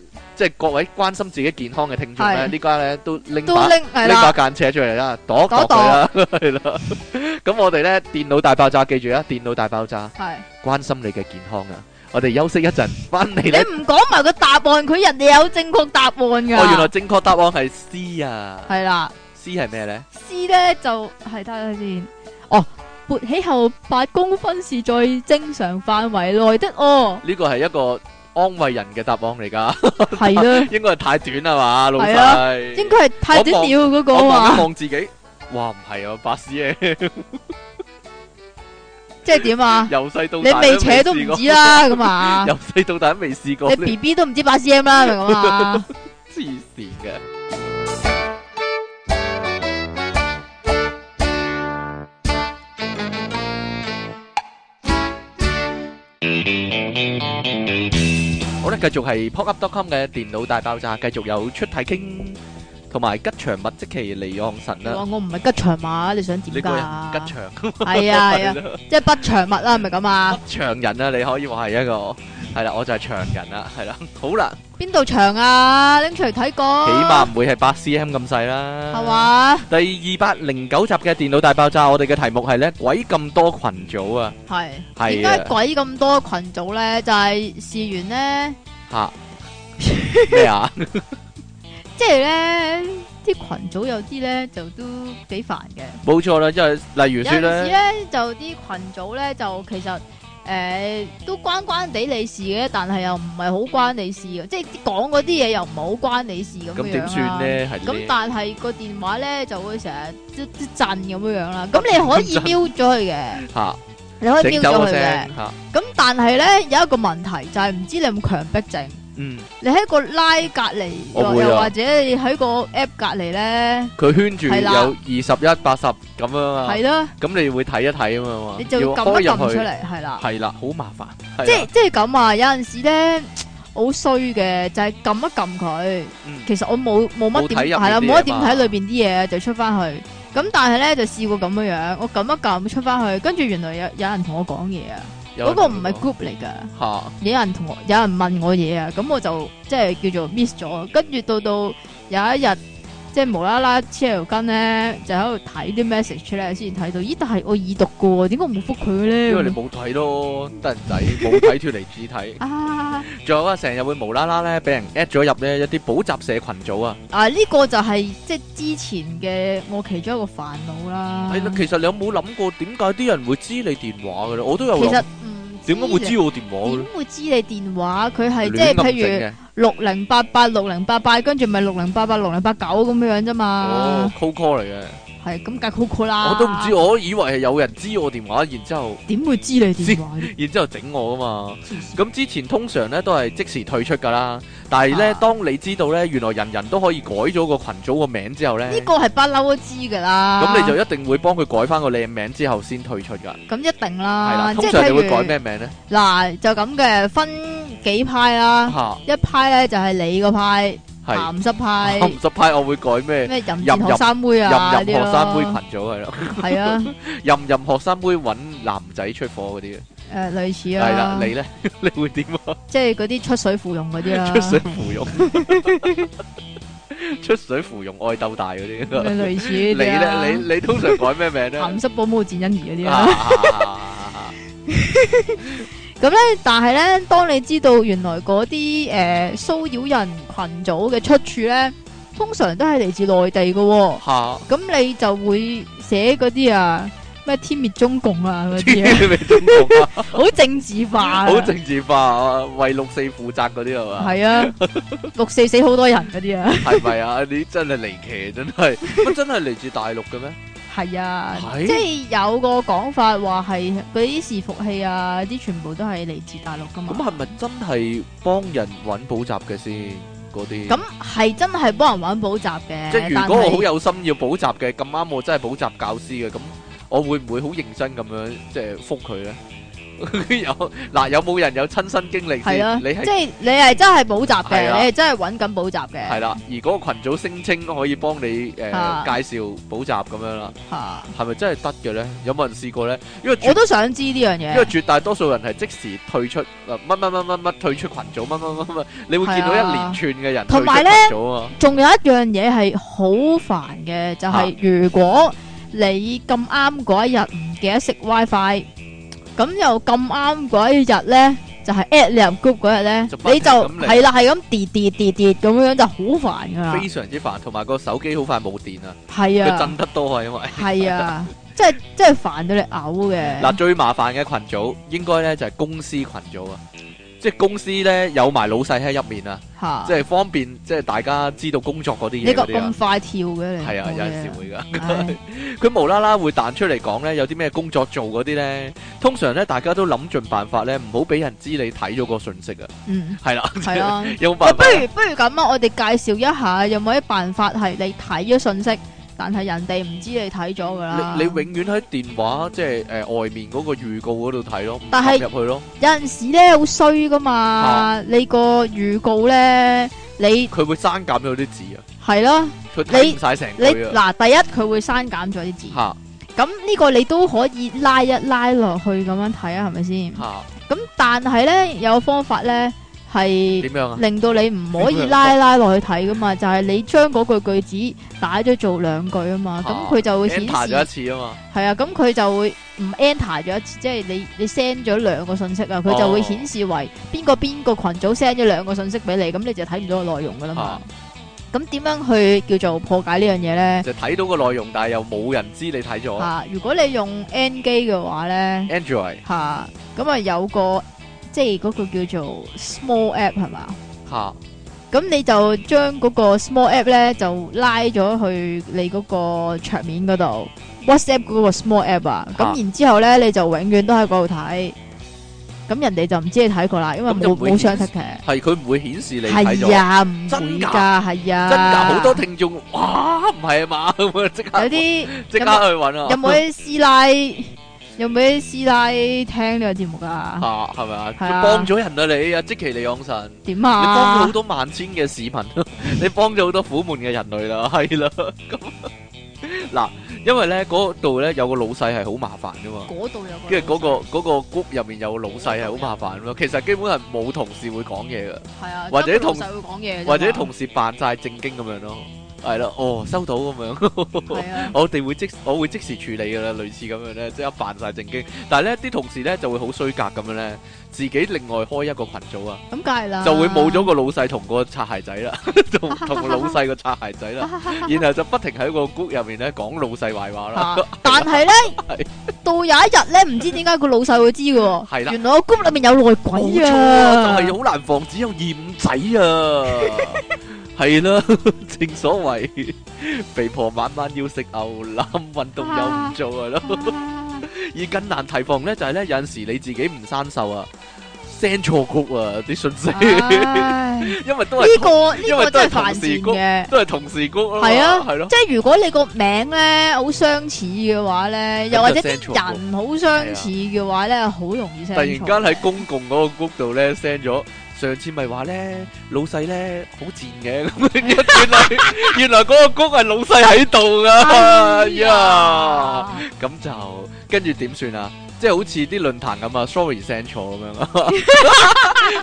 即係各位關心自己健康嘅聽眾咧，的呢家咧都拎把拎把間尺出嚟啦，躲一躲啦，係啦。咁 我哋咧電腦大爆炸，記住啦，電腦大爆炸，係的關心你嘅健康啊！我哋休息一陣，翻嚟你唔講埋個答案，佢人哋有正確答案噶。哦，原來正確答案係 C 啊！係啦的，C 係咩咧？C 咧就係睇下先。哦，勃起後八公分是最正常範圍內的哦。呢個係一個。安慰人嘅答案嚟㗎，係咯，應該係太短啦嘛，的老細闆，應該係太短料嗰個望看、那個、自己， 哇唔係啊，八 C M，即係點啊？由細到你未扯都唔止啦，咁啊，由細到大都未試過， 過 過 你 B B 都唔知八 C M 啦，明、就、嘛、是啊？黐線嘅。繼續係 PopUp.com 嘅電腦大爆炸，繼續有出體 King，同埋吉祥物積淇離岸神啦。我唔係吉祥物，啊、祥你想點噶？你個人吉祥，係 啊，啊 了即係不祥物啦，係咪咁啊？不祥人啊，你可以話係一個，係 啦，我就係祥人啦，係啦，好啦。邊度長啊？拎出嚟睇過。起碼唔會係八 cm 咁細啦。係嘛？第二百零九集嘅電腦大爆炸，我哋嘅題目係咧，鬼咁多群組啊。係。係。點解鬼咁多群組咧？就係事源咧。吓咩啊？即係咧，啲群組有啲咧就都幾煩嘅。冇錯啦，即係例如說咧，就啲群組咧就其實。誒、欸，都關關哋你事嘅，但係又唔係好關你事嘅，即係講嗰啲嘢又唔好關你事咁、嗯、樣啊。咧？係咁，但係個電話咧就會成日即即震咁樣樣啦。咁你可以 mute 咗佢嘅， 啊、你可以 mute 咗佢嘅。咁、啊、但係咧有一個問題就係、是、唔知你有冇強迫症。嗯，你喺個拉隔籬，又或者你喺個 app 隔籬咧，佢圈住有二十一八十咁樣啊，係啦，咁你會睇一睇啊嘛，你就撳一撳出嚟，係啦，係啦，好麻煩，即係即係咁啊！有陣時咧好衰嘅就係撳一撳佢，其實我冇冇乜點睇，係啦，冇乜點睇裏邊啲嘢就出翻去，咁但係咧就試過咁樣樣，我撳一撳出翻去，跟住原來有有人同我講嘢啊。嗰個唔係 group 嚟㗎，有人同我有人問我嘢啊，咁哈我，我就即係叫做 miss 咗，跟住到到有一日即係無啦啦黐條筋咧，就喺度睇啲 message 咧，先睇到咦？但係我已讀過喎，點解我冇覆佢咧？因為你冇睇咯，得人仔冇睇脫嚟自睇。仲有啊，成日會無啦啦咧俾人 at 咗入呢一啲補習社群組啊！啊，呢、這個就係、是、即係之前嘅我其中一個煩惱啦。係其實你有冇諗過點解啲人會知你電話㗎咧？我都有。其實。點解會知我電話，會知電話？點會知你電話？佢係即係，譬如六零八八六零八八，跟住咪六零八八六零八九咁樣樣啫嘛。哦，call call 嚟嘅。係咁解啦！我都唔知，我以為係有人知我電話，然之後點會知你電話？ 然之後整我噶嘛？咁 之前通常咧都係即時退出噶啦。但係咧，啊、當你知道咧，原來人人都可以改咗個群組個名之後咧，呢個係不嬲都知噶啦。咁你就一定會幫佢改翻個靚名之後先退出噶。咁一定啦。係啦，通常你會改咩名咧？嗱，就咁嘅，分幾派啦。啊、一派咧就係你個派。咸濕派咸濕派，派我會改咩？咩任任學生妹啊，任任學生妹群組係咯。係啊，任任的 學生妹揾男仔出貨嗰啲。誒、呃，類似啊。係啦，你咧， 你會點啊？即係嗰啲出水芙蓉嗰啲啦。出水芙蓉， 出水芙蓉愛鬥大嗰啲。咩類似、啊你呢？你咧？你你通常改咩名咧？咸濕保姆鄭欣宜嗰啲咁咧，但係咧，當你知道原來嗰啲誒騷擾人群組嘅出處咧，通常都係嚟自內地噶，哦，咁、啊、你就會寫嗰啲啊咩天滅中共啊嗰啲，天滅中共啊，好 政治化，好 政治化，啊， 為六四負責嗰啲係嘛？係啊， 六四死好多人嗰啲啊，係咪啊？你真係離奇，啊，真係乜 真係嚟自大陸嘅咩？係啊，是即係有個講法話係嗰啲伺服器啊，啲全部都係嚟自大陸噶嘛。咁係咪真係幫人揾補習嘅先？嗰啲？咁係真係幫人揾補習嘅。即係如果是我好有心要補習嘅，咁啱我真係補習教師嘅，咁我會唔會好認真咁樣即係服佢咧？有嗱，有冇人有親身經歷先？你係即係你係真係補習嘅，你係真係揾緊補習嘅。係啦，而嗰個群組聲稱可以幫你誒介紹補習咁樣啦。嚇，係咪真係得嘅咧？有冇人試過咧？因為我都想知呢樣嘢。因為絕大多數人係即時退出，乜乜乜乜乜退出群組，乜乜乜乜，你會見到一連串嘅人退出咗啊！同埋呢，仲有一樣嘢係好煩嘅，就係如果你咁啱嗰一日唔記得熄 WiFi。咁又咁啱嗰一日咧，就係 at 你入 group 嗰日咧，你就係啦，係咁跌跌跌跌咁樣就好煩噶啦，非常之煩，同埋個手機好快冇電啊，係啊，震得多啊，因為係啊，即係即係煩到你嘔嘅。嗱，最麻煩嘅群組應該咧就係公司群組啊。即係公司咧有埋老細喺入面啊，哈即係方便，即係大家知道工作嗰啲嘢。呢個咁快跳嘅，係啊，有陣時會噶。佢的 無啦啦會彈出嚟講咧，有啲咩工作做嗰啲咧，通常咧大家都諗盡辦法咧，唔好俾人知你睇咗個信息、嗯、啊。嗯，係啦，係啊有冇辦法，不，不如不如咁啊，我哋介紹一下有冇啲辦法係你睇咗信息。但係人哋唔知你睇咗噶啦你，你永遠喺電話，即係誒、呃、外面嗰個預告嗰度睇咯，唔入去咯。有陣時咧好衰噶嘛，你個預告咧，你佢會刪減咗啲字啊，係咯，佢睇唔晒成句啊，嗱，第一佢會刪減咗啲字，咁呢、啊、個你都可以拉一拉落去咁樣睇啊，係咪先？咁、啊、但係咧有方法咧。係點樣啊？令到你唔可以拉拉落去睇噶嘛？就係、是、你將嗰句句子打咗做兩句啊嘛，咁佢、啊、就會顯示咗一次啊嘛。係啊，咁佢就會唔 enter 咗一次，即係你你 send 咗兩個信息，誰誰個訊息啊，佢就會顯示為邊個邊個群組 send 咗兩個信息俾你，咁你就睇唔到個內容噶啦嘛。咁點、啊、樣去叫做破解呢樣嘢咧？就睇到個內容，但係又冇人知你睇咗。啊，如果你用 N 機嘅話咧，Android 吓，咁啊有個。即係嗰個叫做 Small App 係嘛，咁你就將嗰個 Small App 咧就拉咗去你嗰個桌面嗰度，WhatsApp 嗰個 Small App 啊，咁然之後咧你就永遠都喺嗰度睇，咁人哋就唔知你睇過啦，因為冇冇上得劇，係佢唔會顯示你睇咗。真噶。係啊，真噶好多聽眾，哇唔係啊嘛，有啲即刻去搵啊，有冇師奶？有冇啲師奶聽呢個節目噶？吓，係咪啊？你幫咗人啊，你啊，即其你養神點啊？你幫咗好多萬千嘅市民，你幫咗好多苦悶嘅人類啦，係啦。嗱，因為咧嗰度咧有個老細係好麻煩噶嘛，嗰度有，跟住嗰個嗰個 group 入面有個老細係好麻煩咯。其實基本係冇同事會講嘢噶，係啊，或者同事會講嘢，或者同事扮晒正經咁樣咯。係咯，哦，收到咁樣，我哋會即我會即時處理噶啦，類似咁樣咧，即刻扮晒正經。但係咧，啲同事咧就會好衰格咁樣咧，自己另外開一個群組啊，咁梗係啦，就會冇咗個老細同個擦鞋仔啦，同同個老細個擦鞋仔啦，然後就不停喺個 group 入面咧講老細壞話啦。但係咧，到有一日咧，唔知點解個老細會知嘅，原來我 group 裏面有內鬼啊，就係好難防止有二五仔啊。係咯，正所謂肥婆晚晚要食牛腩，運動又唔做係咯。啊、 而更難提防咧，就係、是、咧有陣時你自己唔生受啊，send 錯谷啊啲信息，因為都係、啊、因為都係同、這個這個、同時嘅，都係同時谷咯。係啊，係咯、啊。即係如果你個名咧好相似嘅話咧，又或者啲人好相似嘅話咧，好容易 send 錯。突然間喺公共嗰個谷度咧 send 咗。 上次咪話咧，老細咧好賤嘅，咁樣原來原來嗰個工係老細喺度噶，咁就跟住點算啊？即係好似啲論壇咁啊，Sorry，send 錯咁樣啊，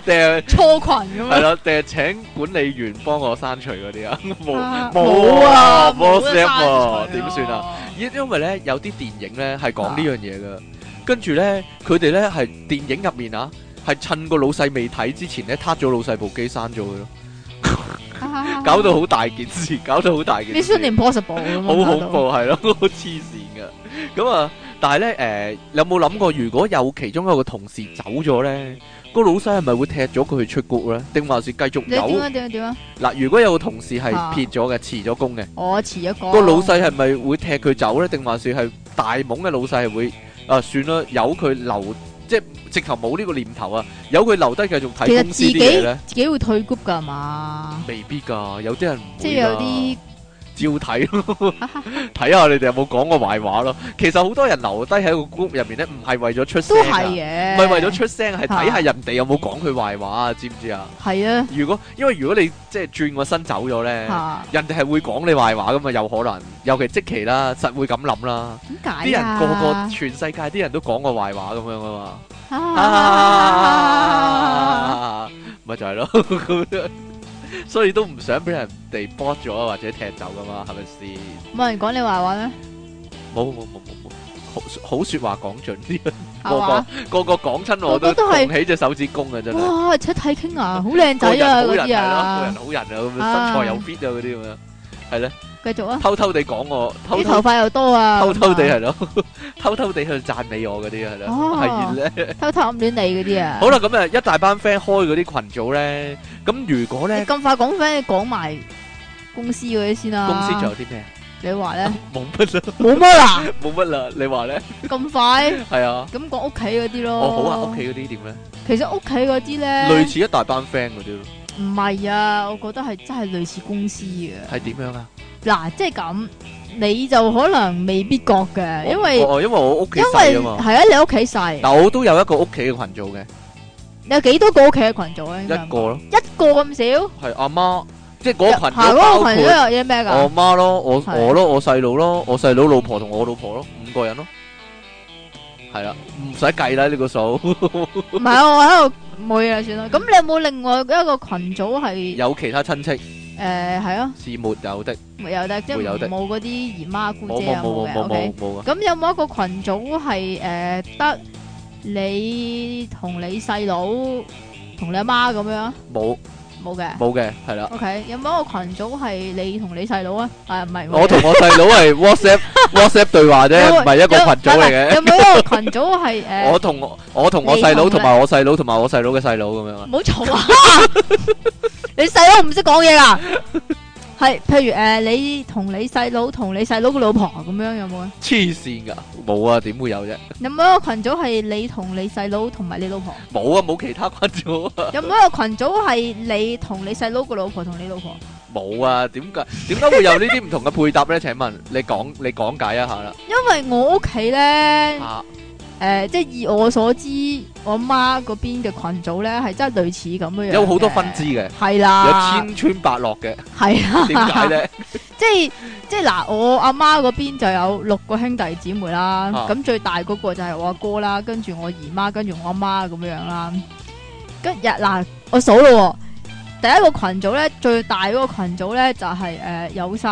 定係錯群咁樣？係咯，定係請管理員幫我刪除嗰啲啊？冇冇啊冇 WhatsApp 點算啊？因因為咧有啲電影咧係講呢樣嘢噶，跟住咧佢哋咧係電影入面啊。係趁個老細未睇之前咧，撻咗老細部機刪咗佢咯，搞到好大件事，搞到好大件事。你想 impossible 咁啊？好恐怖係咯，我黐線噶。咁啊，但係咧誒，有冇諗過如果有其中一個同事走咗咧，個老細係咪會踢咗佢去出局咧？定還是繼續留？點啊點啊點啊！嗱，如果有個同事係撇咗嘅，辭咗工嘅，我辭咗工。個老細係咪會踢佢走咧？定還是係大懵嘅老細係會誒算啦，由佢留。即係直頭冇呢個念頭啊！由佢留低繼續睇公司啲嘢咧，自己會退 group 㗎嘛？未必㗎，有啲人唔會，即係有啲。照睇咯，睇下你哋有冇講我壞話咯。其實好多人留低喺個 group 入面咧，唔係為咗出聲，都係唔係為咗出聲，係睇下人哋有冇講佢壞話啊？知唔知啊？係啊。如果因為如果你即係轉個身走咗咧，人哋係會講你壞話噶嘛？有可能，尤其積淇啦，實會咁諗啦。點解啲人個個全世界啲人都講我壞話咁樣噶嘛？啊，咪就係咯。所以都唔想俾人哋 block 咗或者踢走噶嘛，係咪先？冇人講你壞話咧？冇冇冇冇冇，好好說話講盡啲，個個個個講親我都隆起隻手指公啊真。哇，且睇傾啊，好靚仔啊嗰啲啊，好人好人啊咁樣身材又 fit 啊嗰啲咁樣，係咧。繼續啊！偷偷地講我，啲頭髮又多啊！偷偷地係咯，偷偷地去讚美我嗰啲係啦，係咧偷偷暗戀你嗰啲啊！好啦，咁啊一大班 friend 開嗰啲群組咧。咁如果咧，咁快講 friend，講埋公司嗰啲先啦。公司仲有啲咩？你話咧？冇乜啦，冇乜啦，冇乜啦。你話咧？咁快？係啊。咁講屋企嗰啲咯。哦，好啊，屋企嗰啲點咧？其實屋企嗰啲咧，類似一大班 friend 嗰啲咯。唔係啊，我覺得係真係類似公司嘅。係點樣啊？嗱，即係咁，你就可能未必覺嘅，因為，因為我屋企細啊嘛。係啊，你屋企細。但，我都有一個屋企嘅群組嘅。有幾多個屋企嘅群組咧？一個咯，一個咁少。係阿媽，即係嗰群。行嗰個群都有嘢咩噶？我媽咯，我我咯，我細佬咯，我細佬老婆同我老婆咯，五個人咯。係啦，唔使計啦呢個數。唔係，我喺度冇嘢啦，算啦。咁你有冇另外一個群組係？有其他親戚。誒，係啊。是沒有的。沒有的，即係冇嗰啲姨媽姑姐啊。冇冇冇冇冇冇。咁有冇一個群組係誒得？你同你細佬同你阿媽咁樣？冇冇嘅冇嘅係啦。OK，有冇一個群組係你同你細佬啊？啊，唔係我同我細佬係 WhatsApp WhatsApp 對話啫，唔係一個群組嚟嘅。有冇一個群組係誒？我同我我同我細佬同埋我細佬同埋我細佬嘅細佬咁樣啊？冇嘈啊！你細佬唔識講嘢啊？係，譬如誒、呃，你同你細佬同你細佬嘅老婆咁樣有冇啊？黐線㗎，冇啊，點會有啫？有冇一個群組係你同你細佬同埋你老婆？冇啊，冇其他群組啊。有冇一個群組係你同你細佬嘅老婆同你老婆？冇 啊，點解？點解會有呢啲唔同嘅配搭咧？ 請問你講，你講解一下啦。因為我屋企咧。啊誒、呃，即係以我所知，我阿媽嗰邊嘅群組咧，係真係類似咁樣有好多分支嘅。係啦，有千川百落嘅，係啊，點解咧？即係即係嗱，我阿媽嗰邊就有六個兄弟姊妹啦。咁、啊、最大嗰個就係我阿哥、哥啦，跟住我姨媽，跟住我阿媽咁樣樣啦。跟日嗱，我數咯、啊，第一個群組咧，最大嗰個群組咧，就係、是、誒、呃、有晒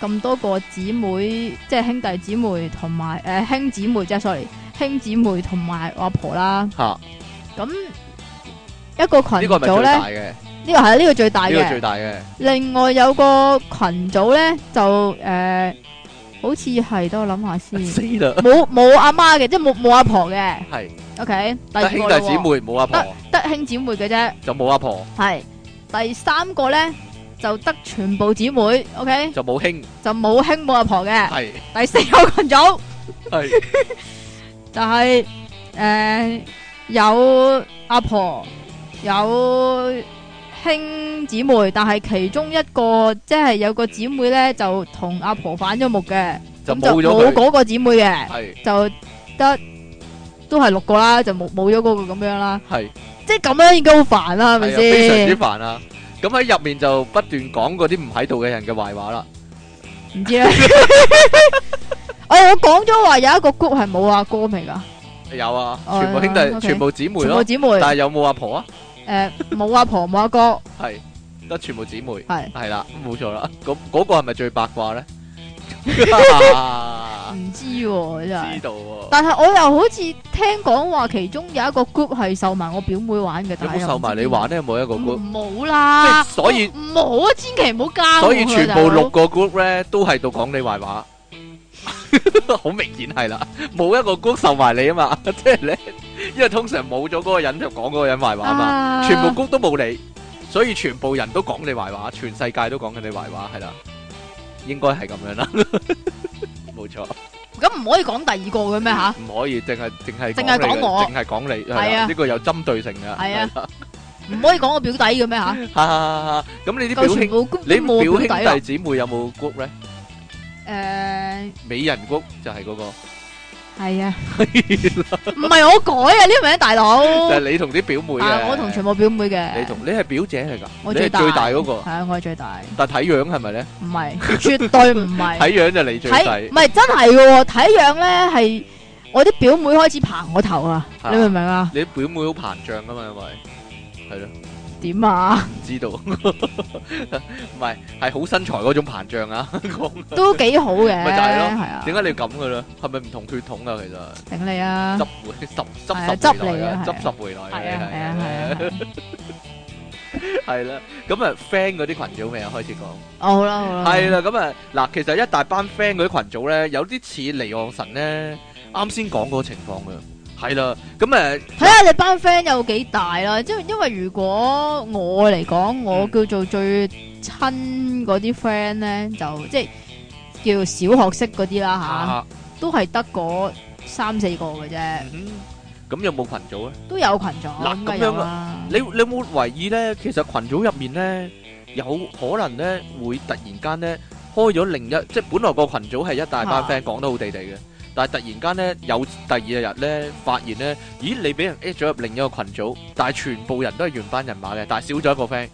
咁多個姊妹，即係兄弟姊妹同埋誒兄姊妹，即係 sorry。兄姊妹同埋阿婆啦。吓，咁一個群組咧，呢個係呢個最大嘅，呢個最大嘅。另外有個群組咧就，誒，好似係，等我諗下先，冇冇阿媽嘅，即係冇冇阿婆嘅，係。O K，得兄弟姊妹冇阿婆，得得兄姊妹嘅啫，就冇阿婆。係第三個咧就得全部姊妹，O K，就冇兄就冇兄冇阿婆嘅，係。第四個群組係。就係誒有阿婆有兄姊妹，但係其中一個即係有個姊妹咧就同阿婆反咗目嘅，就冇嗰個姊妹嘅，就得都係六個啦，就冇冇咗嗰個咁樣啦。係即係咁樣應該好煩啦，係咪先？非常之煩啊！咁喺入面就不斷講嗰啲唔喺度嘅人嘅壞話啦。唔知啊。哦，我講咗話有一個 group 係冇阿哥未噶？有啊，全部兄弟，全部姊妹咯，全部姊妹，但係有冇阿婆啊？誒，冇阿婆冇阿哥，係得全部姊妹，係係啦，冇錯啦。咁嗰個係咪最八卦咧？唔知真係，但係我又好似聽講話，其中有一個 group 係受埋我表妹玩嘅，有冇受埋你玩咧？冇一個 group，冇啦，即係所以冇啊！千祈唔好加，所以全部六個 group 咧都係度講你壞話。好明顯係啦，冇一個谷受埋你啊嘛，即係咧，因為通常冇咗嗰個人就講嗰個人壞話啊嘛，全部谷都冇你，所以全部人都講你壞話，全世界都講緊你壞話，係啦，應該係咁樣啦，冇錯。咁唔可以講第二個嘅咩吓？唔可以，淨係淨係淨係講我，淨係講你，係啊，呢個有針對性噶，係啊，唔可以講我表弟嘅咩吓？咁你啲表兄弟姊妹有冇谷咧？誒，美人谷就係嗰個，係啊，唔係我改啊，呢個名大佬，就係你同啲表妹啊，我同全部表妹嘅，你同你係表姐係噶，我最大，你最大嗰個，係啊，我係最大，但睇樣係咪咧？唔係，絕對唔係，睇樣就你最大，唔係真係嘅，睇樣咧係我啲表妹開始爬我頭啊，你明唔明啊？你表妹好膨脹噶嘛，係咪？係咯。點啊？唔知道，唔係係好身材嗰種膨脹啊，都幾好嘅。咪就係咯，係啊。點解你要咁嘅咧？係咪唔同血統啊？其實。頂你啊！執回執執十執嚟啊！執十回來。係啊係啊係啊！係啦，咁啊，friend 嗰啲羣組咩啊？開始講。好啦好啦。係啦，咁啊，嗱，其實一大班 friend 嗰啲羣組咧，有啲似離岸神咧，啱先講嗰個情況嘅。係啦，咁誒，睇下你班 friend 有幾大啦，即係因為如果我嚟講，我叫做最親嗰啲 friend 咧，就即係叫小學識嗰啲啦吓，都係得嗰三四個嘅啫。咁有冇羣組咧？都有羣組，嗱咁樣啦。你你有冇懷疑咧？其實羣組入面咧，有可能咧會突然間咧開咗另一，即係本來個羣組係一大班 friend 講得好地地嘅。但係突然間咧，有第二日咧，發現咧，咦，你俾人 add 咗入另一個群組，但係全部人都係原班人馬嘅，但係少咗一個 friend，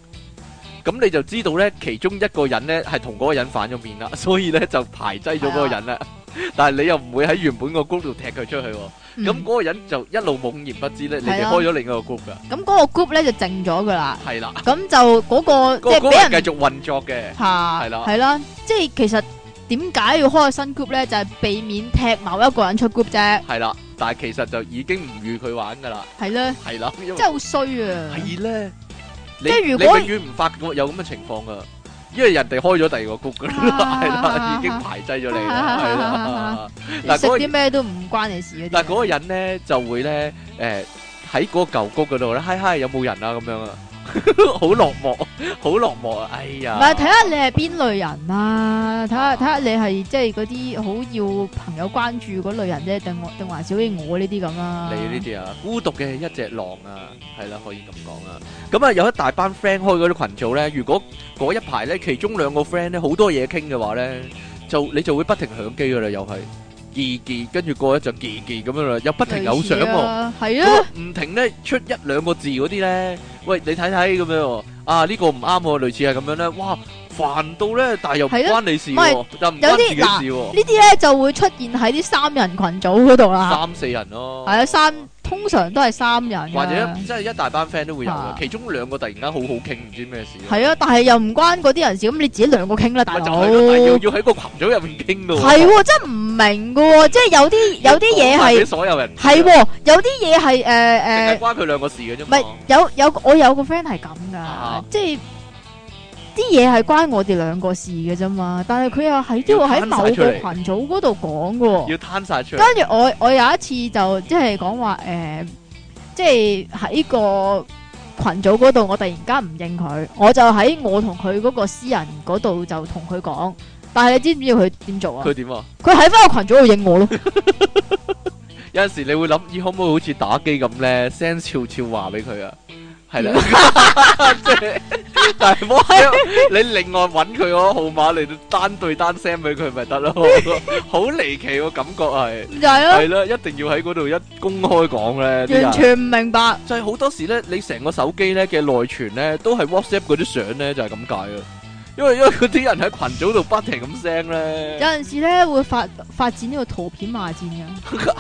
咁你就知道咧，其中一個人咧係同嗰個人反咗面啦，所以咧就排擠咗嗰個人啦。 但係你又唔會喺原本個 group 度踢佢出去，咁嗰了個人就一路懵然不知咧，你哋開咗另一個 group 噶。咁嗰個 group 咧就靜咗噶啦，係啦，咁就嗰、嗰個即係俾人繼續運作嘅，係啦，係啦，即係 了其實。點解要開個新 group 咧？就係避免踢某一個人出 group 啫。係啦，但係其實就已經唔預佢玩噶啦。係咧。係啦，真係好衰啊。係咧。即係如果你永遠唔發覺有咁嘅情況啊，因為人哋開咗第二個 group 噶啦，係啦，已經排擠咗你啦。但食啲咩都唔關你事嘅。但係嗰個人咧就會咧，誒喺嗰個舊 group 嗰度咧，嗨嗨，有冇人啊？咁樣啊。好落寞，好落寞啊！哎呀，唔係睇下你係邊類人啦，睇下睇下你係即係嗰啲好要朋友關注嗰類人啫，定我定還是好似我呢啲咁啊？你呢啲啊，孤獨嘅一隻狼啊，係啦，可以咁講啊。咁啊，有一大班 friend 開嗰啲群組咧，如果嗰一排咧，其中兩個 friend 咧好多嘢傾嘅話咧，就你就會不停響機噶啦，又係。記記，跟住過一陣記記咁樣啦，又不停有相喎，係啊，唔、啊、停咧出一兩個字嗰啲咧，喂你睇睇咁樣，啊呢、呢個唔啱喎，類似係咁樣咧，哇煩到咧，但又唔咯，關你事、啊，唔又唔關事事喎，啊啊、呢啲咧就會出現喺啲三人群組嗰度啦，三四人咯、啊，係啊三。通常都係三人，或者即係一大班 friend 都會有的其中兩個突然間好好傾，唔知咩事。係啊，但係又唔關嗰啲人事，咁你自己兩個傾啦，但係要喺個群組入面傾嘅喎。係喎，真唔明嘅喎，即係有啲有啲嘢係。發俾所有人係 有啲嘢係誒誒，關佢兩個事嘅啫。唔係有、呃 呃、有，有，有我有個 friend 係咁㗎，啊、即係。啲嘢係關我哋兩個事嘅啫嘛，但係佢又喺都要喺某個群組嗰度講嘅，要攤晒出嚟。跟住我我有一次就即係講話誒，即係喺個群組嗰度，我突然間唔認佢，我就喺我同佢嗰個私人嗰度就同佢講。但係你知唔知佢點做啊？佢點啊？佢喺翻個群組度認我咯。 有陣時你會諗，依可唔可以好似打機咁咧？聲悄悄話俾佢啊！係啦， 但係冇 你另外搵佢個號碼嚟單對單 send 俾佢咪得咯， 好離奇個、啊、感覺係，係咯，一定要喺嗰度一公開講咧， 就係、完全唔明白。就係好多時咧，你成個手機咧嘅內存咧，都係 WhatsApp 嗰啲相咧，就係咁解咯。因為因為啲人喺群組度不停咁聲咧，有陣時咧會發發展呢個圖片罵戰嘅，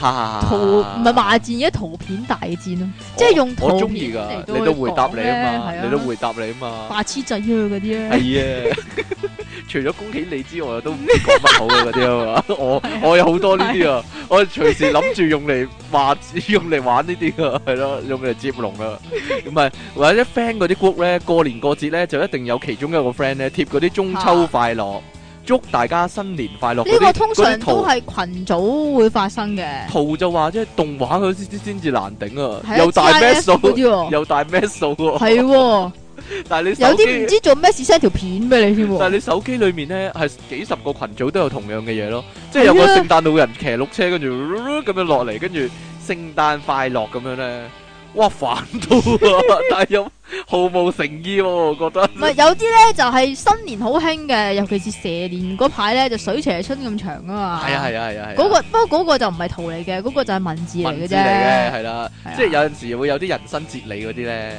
圖唔係罵戰而係圖片大戰咯，即係用圖我中意噶，你都回答你啊嘛，你都回答你啊嘛，白痴仔啊嗰啲啊，係啊，除咗恭喜你之外都唔知講乜好嘅嗰啲啊嘛，我我有好多呢啲啊，我隨時諗住用嚟罵，用嚟玩呢啲噶，係咯，用嚟接龍啦，咁係或者 friend 嗰啲 group 咧，過年過節咧就一定有其中一個 friend 咧嗰啲中秋快樂，啊、祝大家新年快樂。呢個通常都係群組會發生嘅。圖就話啫，即係動畫佢先至難頂啊，啊又大咩數、啊，又大咩數、啊。係， 但係你有啲唔知做咩事，send 條片俾你添。但係你手機裏面咧，係幾十個群組都有同樣嘅嘢咯，即係有個聖誕老人騎鹿車，跟住咁樣落嚟，跟住聖誕快樂咁樣咧，哇煩到啊！但係有。 毫無誠意喎、啊， 我覺得。唔係有啲咧就係、是、新年好興嘅，尤其是蛇年嗰排咧就水蛇春咁長噶嘛。係啊係啊係啊。嗰、啊啊啊那個不過嗰個就唔係圖嚟嘅，嗰、那個就係文字嚟嘅啫。文字嚟嘅係啦，啊、即係有陣時會有啲人生哲理嗰啲咧。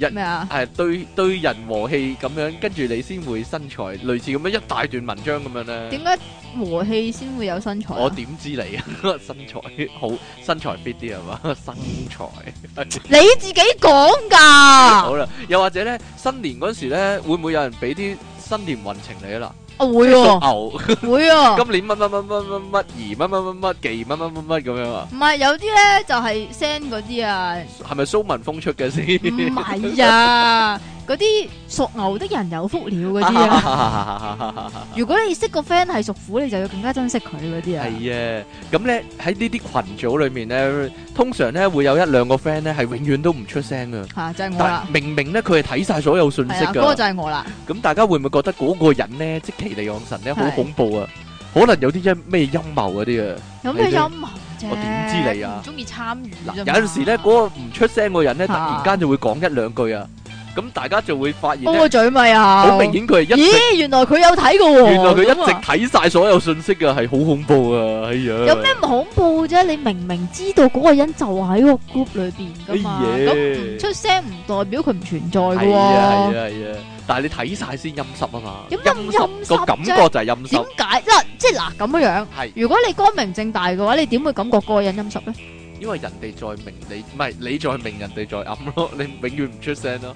日人麼啊？係對對人和氣咁樣，跟住你先會身材類似咁樣一大段文章咁樣咧。點解和氣先會有身材？我點知你啊？身材好，身材 fit 啲係嘛？身材 你自己講㗎。 好啦，又或者咧，新年嗰時咧，會唔會有人俾啲新年運程你啊啦？我會喎，會啊！今年乜乜乜乜乜乜二乜乜乜乜技乜乜乜乜咁樣啊？唔係，有啲咧就係 send 嗰啲啊。係咪蘇文峰出嘅先？唔係呀。嗰啲屬牛的人有福了，嗰啲啊！如果你識個 friend 係屬虎，你就要更加珍惜佢嗰啲啊！係啊，咁咧喺呢啲群組裏面咧，通常咧會有一兩個 friend 咧係永遠都唔出聲噶吓就係我啦！明明咧佢係睇晒所有信息噶嗰個就係我啦。咁大家會唔會覺得嗰個人咧，即積淇離岸神咧好恐怖啊？可能有啲咩咩陰謀嗰啲啊？有咩陰謀啫？我點知你啊？唔中意參與啫。有陣時咧嗰個唔出聲個人咧突然間就會講一兩句啊！咁大家就會發現，個嘴咪啊，好明顯佢係一咦，原來佢有睇噶喎，原來佢一直睇晒所有信息噶，係好恐怖啊！哎呀，有咩唔恐怖啫？你明明知道嗰個人就喺個 group 裏邊噶嘛，咁出聲唔代表佢唔存在噶。係啊係啊係啊，但係你睇晒先陰濕啊嘛，咁陰濕個感覺就係陰濕。點解？即係嗱咁樣樣。係。如果你光明正大嘅話，你點會感覺嗰個人陰濕咧？因為人哋再明你，唔係你再明人哋再暗咯，你永遠唔出聲咯，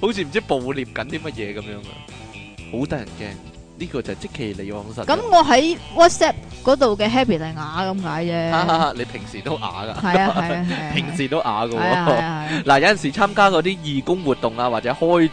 好似唔知暴裂緊啲乜嘢咁樣嘅，好得人驚。呢個就積淇離岸神。咁我喺 WhatsApp 嗰度嘅 Happy 係啞咁解啫。哈哈，你平時都啞噶？係啊係，平時都啞噶。係係係。嗱有陣時參加嗰啲義工活動啊，或者開。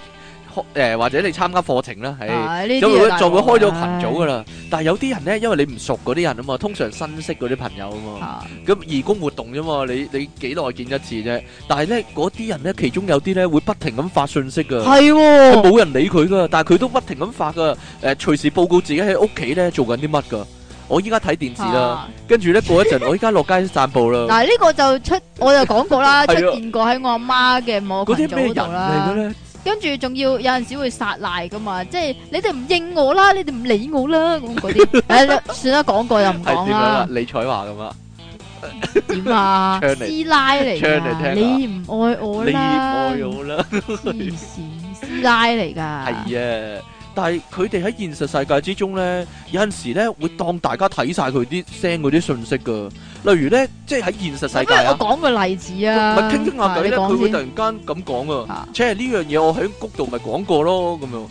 誒，或者你參加課程啦，咁佢就會開咗群組噶啦。但係有啲人咧，因為你唔熟嗰啲人啊嘛，通常新識嗰啲朋友啊嘛。咁義工活動啫嘛，你你幾耐見一次啫？但係咧，嗰啲人咧，其中有啲咧會不停咁發信息噶，係冇人理佢噶，但係佢都不停咁發噶。誒，隨時報告自己喺屋企咧做緊啲乜噶。我依家睇電視啦，跟住咧過一陣我依家落街散步啦。嗱，呢個就出，我就講過啦，出現過喺我阿媽嘅網群組嗰度啦。嗰啲係咩人嚟噶？跟住仲要有陣時會撒賴噶嘛，即係你哋唔應我啦，你哋唔理我啦咁嗰啲，誒、 哎，算啦，講過又唔講啦。李彩華咁 啊？點啊你？師奶嚟噶，你唔愛我啦，你愛我啦，黐線師奶嚟噶。係啊， 但係佢哋喺現實世界之中咧，有陣時咧會當大家睇晒佢啲 send 嗰啲信息噶。例如咧，即係喺現實世界啊！我講個例子啊，傾傾下偈咧，佢會突然間咁講啊。即係呢樣嘢，我喺谷度咪講過咯，咁樣。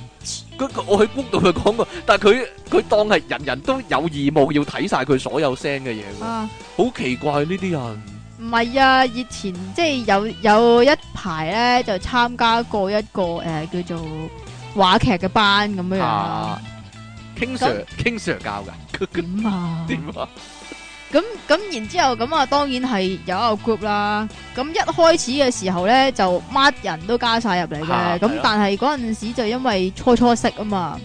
佢我喺谷度咪講過，但係佢佢當係人人都有義務要睇晒佢所有聲嘅嘢。啊，好奇怪呢啲人！唔係啊，以前即係有有一排咧，就參加過一個誒叫做話劇嘅班咁樣啊。King Sir，King Sir 教噶。咁啊？點啊？咁、嗯嗯、然之後咁啊，當然係有一個 group 啦。咁一開始嘅時候呢，就乜人都加曬入嚟嘅。咁、啊、但係嗰陣時就因為初初識啊嘛。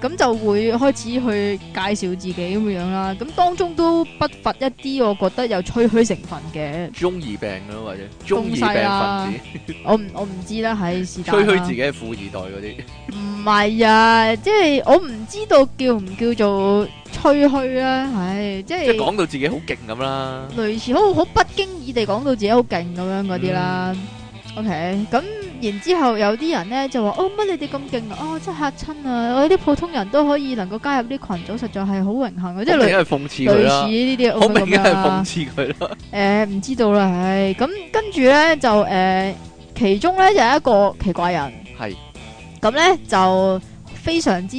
咁就會開始去介紹自己咁樣啦，咁當中都不乏一啲我覺得有吹噓成分嘅，中二病咯、啊、或者中二、啊、病分子， 我唔我唔知啦，係是但、啊。吹噓自己係富二代嗰啲，唔 係啊，即係我唔知道叫唔叫做吹噓啊。係即係。即係講到自己好勁咁啦，類似好好不經意地講到自己好勁咁樣嗰啲啦。嗯、OK，咁。然之後有啲人咧，就話，哦，乜你哋咁勁啊，哦，真係吓親啊，我啲普通人都可以能夠加入啲群組，實在係好榮幸啊、嗯、即係諷刺佢啦，好明顯係諷刺佢咯。誒唔、呃、知道啦，唉咁跟住咧就誒、呃、其中咧就係、一個奇怪人係咁咧就非常之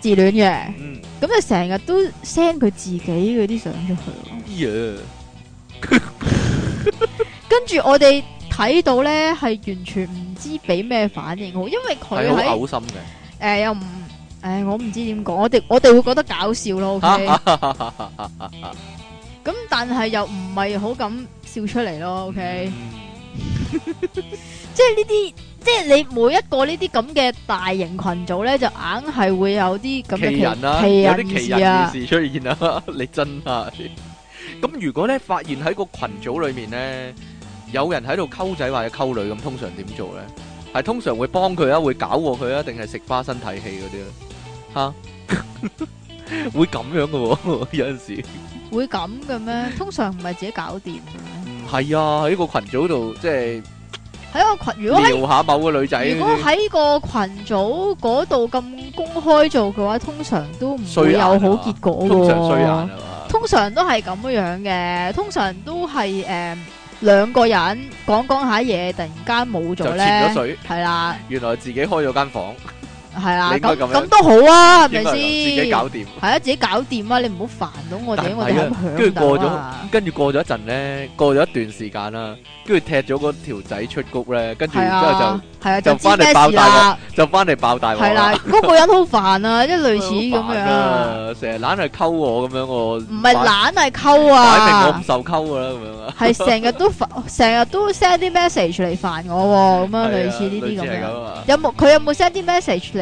自戀嘅，咁、嗯、就成日都 send 佢自己嗰啲相出去 Yeah. 跟住我哋。睇到咧係完全唔知俾咩反應好，因為佢係，好嘔心嘅，誒又唔誒我唔知點講，我哋我哋會覺得搞笑咯，OK，咁但係又唔係好敢笑出嚟咯，OK，即係呢啲即係你每一個呢啲咁嘅大型群組咧，就硬係會有啲咁嘅奇人啊，奇啊，奇事出現啊，你真係咁如果咧發現喺個群組裏面咧。有人喺度溝仔或者溝女咁，通常點做咧？係通常會幫佢啊，會搞過佢啊，定係食花生睇戲嗰啲咧？嚇，會咁樣嘅喎，有陣時會咁嘅咩？通常唔係自己搞掂。係啊，喺個羣組度即係喺個羣。如果喺撩下某個女仔，如果喺個羣組嗰度咁公開做嘅話，通常都唔會有好結果嘅。通常衰眼啊嘛。通常都係咁樣嘅，通常都係誒。兩個人講講下嘢，突然間冇咗咧，潛咗水，係啦，的原來自己開咗間房。係啦，咁咁都好啊，係咪先？搞掂？係啊，自己搞掂啊！你唔好煩到我哋，我哋響度啊！跟住過咗，跟住過咗一陣咧，過咗一段時間啦，跟住踢咗嗰條仔出局咧，跟住之後就係啊，就翻嚟爆大鑊，就翻嚟爆大鑊。係啦，嗰個人好煩啊，即係類似咁樣，成日懶係溝我咁樣我，唔係懶係溝啊，擺明我唔受溝噶啦咁樣啊，係成日都成日都 send 啲 message 嚟煩我咁樣，類似呢啲咁樣。有冇佢有冇 send 啲 message 嚟？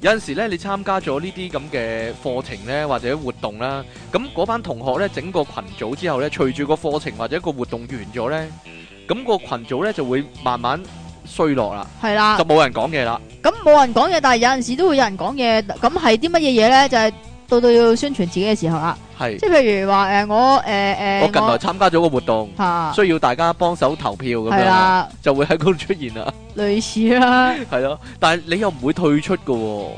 有陣時咧，你參加咗呢啲咁嘅課程咧，或者活動啦，咁嗰班同學咧整個群組之後咧，隨住個課程或者個活動完咗咧，咁個群組咧就會慢慢衰落啦，係啦是、啊嗯嗯，就冇人講嘢啦。咁冇人講嘢，但係有陣時都會有人講嘢。咁係啲乜嘢嘢咧？就係到到要宣傳自己嘅時候啦。係，是即係譬如話誒、呃，我誒誒，呃呃、我近來參加咗個活動，我需要大家幫手投票咁樣，啊、就會喺嗰度出現啦。類似啦、啊，係咯、 啊，但係你又唔會退出噶、哦，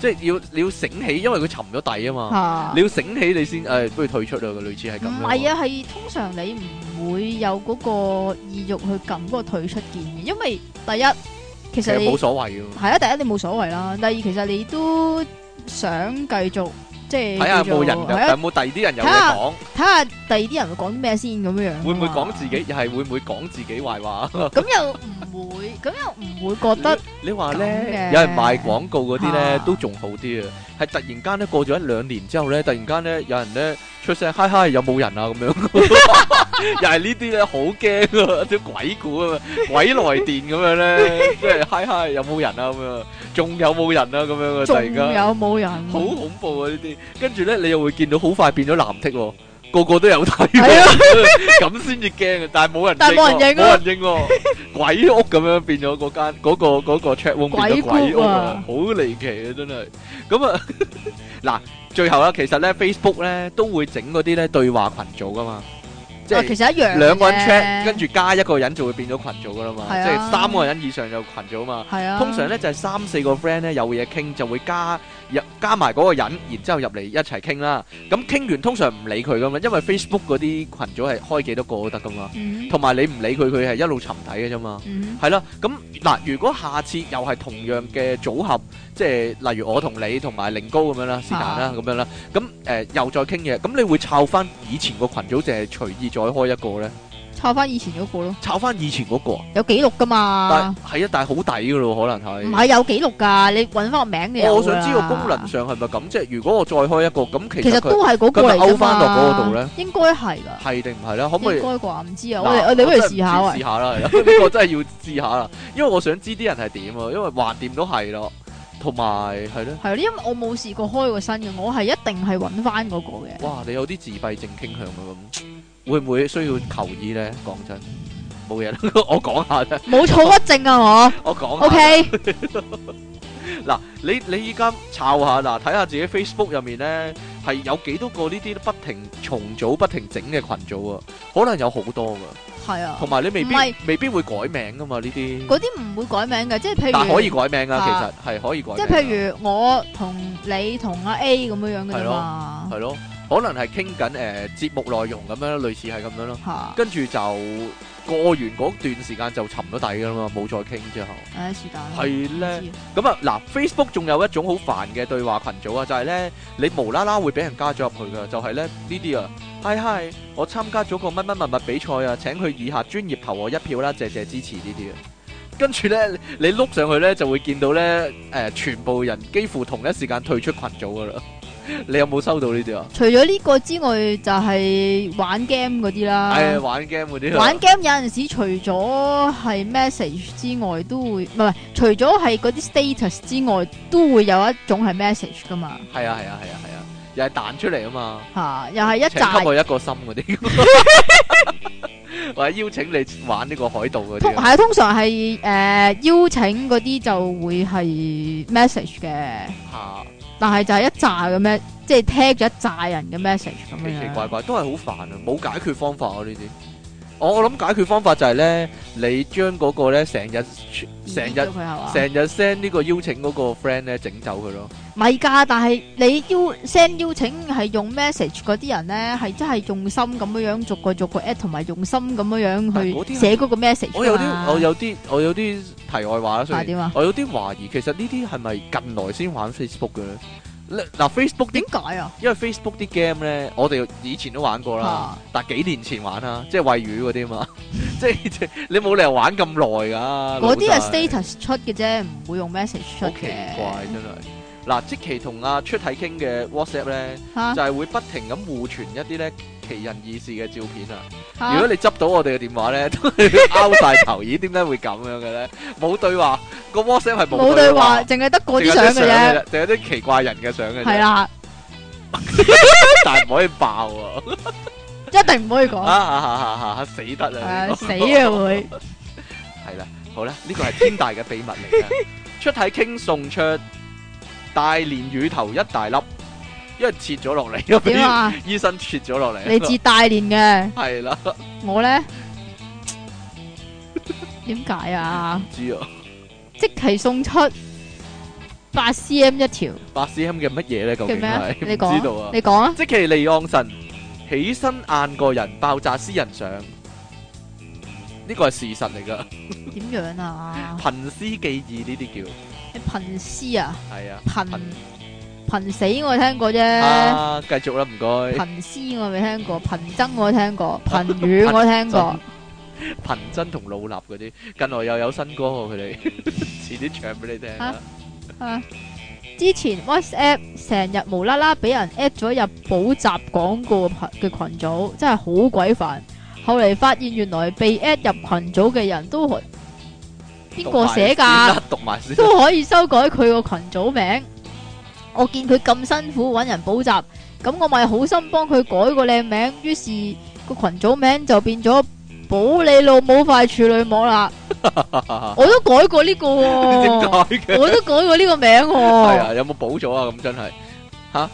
即係要你要醒起，因為佢沉咗底啊嘛，啊你要醒起你先誒、哎，不如退出啦，類似係咁。唔係啊，係通常你唔會有嗰個意欲去撳嗰個退出鍵嘅，因為第一其實冇所謂，係啊，第一你冇所謂啦，第二其實你都想繼續。即係睇下冇人有冇第二啲人有嘢講？睇下第二啲人會講啲咩先咁樣。會唔會講自己？啊、又係會唔會講自己壞話？咁又唔會，咁 又唔會覺得。你話咧，呢有人賣廣告嗰啲咧，都仲好啲啊。係突然間咧過咗一兩年之後咧，突然間咧有人咧出聲「嗨嗨」，有冇人啊咁樣， 又係呢啲咧好驚啊，啲鬼故啊鬼來電咁樣咧，即係 hi, hi 有冇人啊咁啊，仲有冇人啊咁樣啊，突然間有冇人好、啊、恐怖啊呢啲，跟住咧你又會見到好快變咗藍剔喎。個個都有睇， 咁先至驚啊！但係冇人，但係冇人應，冇人應，鬼屋咁樣，變咗嗰間，嗰個嗰個 chat room 變咗鬼屋，好離奇啊！真係，咁啊，嗱， 最後啦，其實咧 Facebook 咧都會整嗰啲咧對話群組噶嘛。啊，即其實一樣，兩個人 check，跟住加一個人就會變咗群組噶啦嘛，是啊、即係三個人以上就群組啊嘛。是啊，通常咧就係、是、三四個 friend 咧有嘢傾就會加入、嗯、加埋嗰個人，然之後入嚟一齊傾啦。咁傾完通常唔理佢噶嘛，因為 Facebook 嗰啲群組係開幾多個都得噶嘛，同埋、嗯、你唔理佢佢係一路沉底嘅啫嘛。係、嗯嗯、啦，咁嗱，如果下次又係同樣嘅組合。即係例如我同你同埋令高咁樣啦，是但啦咁樣啦，咁誒又再傾嘢，咁你會抄翻以前個群組定係隨意再開一個咧？抄翻以前嗰個咯，抄翻以前嗰個有記錄㗎嘛？係啊，但係好抵㗎咯，可能係。唔係有記錄㗎，你揾翻個名嘅。我想知個功能上係咪咁？即係如果我再開一個咁，其實都係嗰個嚟㗎。佢摳翻落嗰個度咧，應該係㗎。係定唔係咧？可唔可以？應該啩？唔知啊。我我你不如試下啊！試下啦，呢個真係要試下啦，因為我想知啲人係點啊，因為橫掂都係咯。同埋係囉，係囉，因為我冇試過開過新嘅，我係一定係揾翻嗰個嘅。哇，你有啲自閉症傾向啊咁，會唔會需要求醫咧？講真，冇嘢， 我講下啫。冇躁鬱症啊，我 我講。O K。嗱，你你依家抄下嗱，睇下自己 Facebook 入面咧，係有幾多個呢啲不停重組不停整嘅群組啊？可能有好多噶，係啊，同埋你未必是未必會改名噶嘛呢啲，嗰啲唔會改名嘅，即係譬如，但可以改名啊，其實係可以改名，即係譬如我同你同阿 A 咁樣樣嘅嘛，係咯、啊。可能係傾緊誒節目內容咁樣，類似係咁樣咯。跟住就過完嗰段時間就沉咗底噶啦嘛，冇再傾之後。係咧，咁啊嗱，Facebook 仲有一種好煩嘅對話群組啊，就係咧你無啦啦會俾人加咗入去噶，就係咧呢啲啊，hi hi 我參加咗個乜乜物物比賽啊，請佢以下專業投我一票啦，謝謝支持呢啲。啊。跟住咧你碌上去咧就會見到咧誒，全部人幾乎同一時間退出群組噶啦。你有冇收到呢啲啊？除咗呢個之外就，就係玩 game 嗰啲啦。係玩 game 啲。玩 game, 玩 game 有陣時除不不，除咗係 message 之外，都會唔係唔係，除咗係嗰啲 status 之外，都會有一種係 message 㗎嘛、啊。係啊係啊係啊係啊，又係彈出嚟啊嘛。吓，又係一集。我一個心嗰啲。或者邀請你玩呢個海盜嗰啲。通係通常係誒、呃、邀請嗰啲就會係 message 嘅。吓。啊但係就係一紮咁樣，即係聽咗一紮人嘅 message 咁奇奇怪怪，都係好煩啊！冇解決方法啊呢啲。我我諗解決方法就係咧，你將嗰個咧成日成日成日 send 呢個邀請嗰個 friend 咧整走佢咯。唔係㗎，但係你邀 send 邀請係用 message 嗰啲人咧，係真係用心咁樣樣逐個逐個 at 同埋用心咁樣樣去寫嗰個 message。我有啲我有啲我有啲題外話啊，我有啲懷疑其實呢啲係咪近來先玩 Facebook 嘅呢？嗱 Facebook 點解啊？為何因為 Facebook 啲 game 咧，我哋以前都玩過啦，哈但幾年前玩啊，即係餵魚嗰啲嘛，即 係 你冇理由玩咁耐㗎。嗰啲係 status 出嘅啫，唔會用 message 出嘅。好奇怪，真係。嗱，積淇同阿、啊、出體傾嘅 WhatsApp 咧，哈就係會不停咁互傳一啲咧。奇人異事嘅照片啊！如果你執到我哋嘅電話咧，都係拗曬頭。咦？點解會咁樣嘅咧？冇對話，個 WhatsApp 係冇對話，淨係得嗰啲相嘅啫，淨係啲奇怪人嘅相嘅啫。係啦，但唔可以爆啊！一定唔可以講啊！死得啦！死啊會！係啦，好啦，呢個係天大嘅秘密嚟嘅。出體 king 送出大連乳頭一大粒。因為切咗落嚟，點啊？醫生切咗落嚟。嚟自大連嘅。係啦。我咧，點解啊？知啊。即係送出八 cm 一條。八 cm 嘅乜嘢咧？咁嘅咩？你講。知道啊。你講啊。即係離岸神起身硬過人，爆炸私人相，呢個係事實嚟噶。點樣啊？憑私記憶呢啲叫。你憑私啊？係啊。憑。貧死我聽過啫，繼、啊、續啦，唔該。貧詩我未聽過，貧僧我聽過，貧語我聽過。貧僧同老衲嗰啲近來又有新歌喎、啊，佢哋遲啲唱俾你聽啊。啊，之前 WhatsApp 成日無啦啦俾人 at 咗入補習廣告嘅群組，真係好鬼煩。後嚟發現原來被 at 入群組嘅人都係邊個寫噶？寫都可以修改佢個群組名。 我見佢咁辛苦搵人補習，咁我咪好心幫佢改個靚名，於是個群組名就變咗補你老母塊處女膜啦。我都改過呢個，我都改過呢個名。係啊，有冇補咗啊？咁真係吓，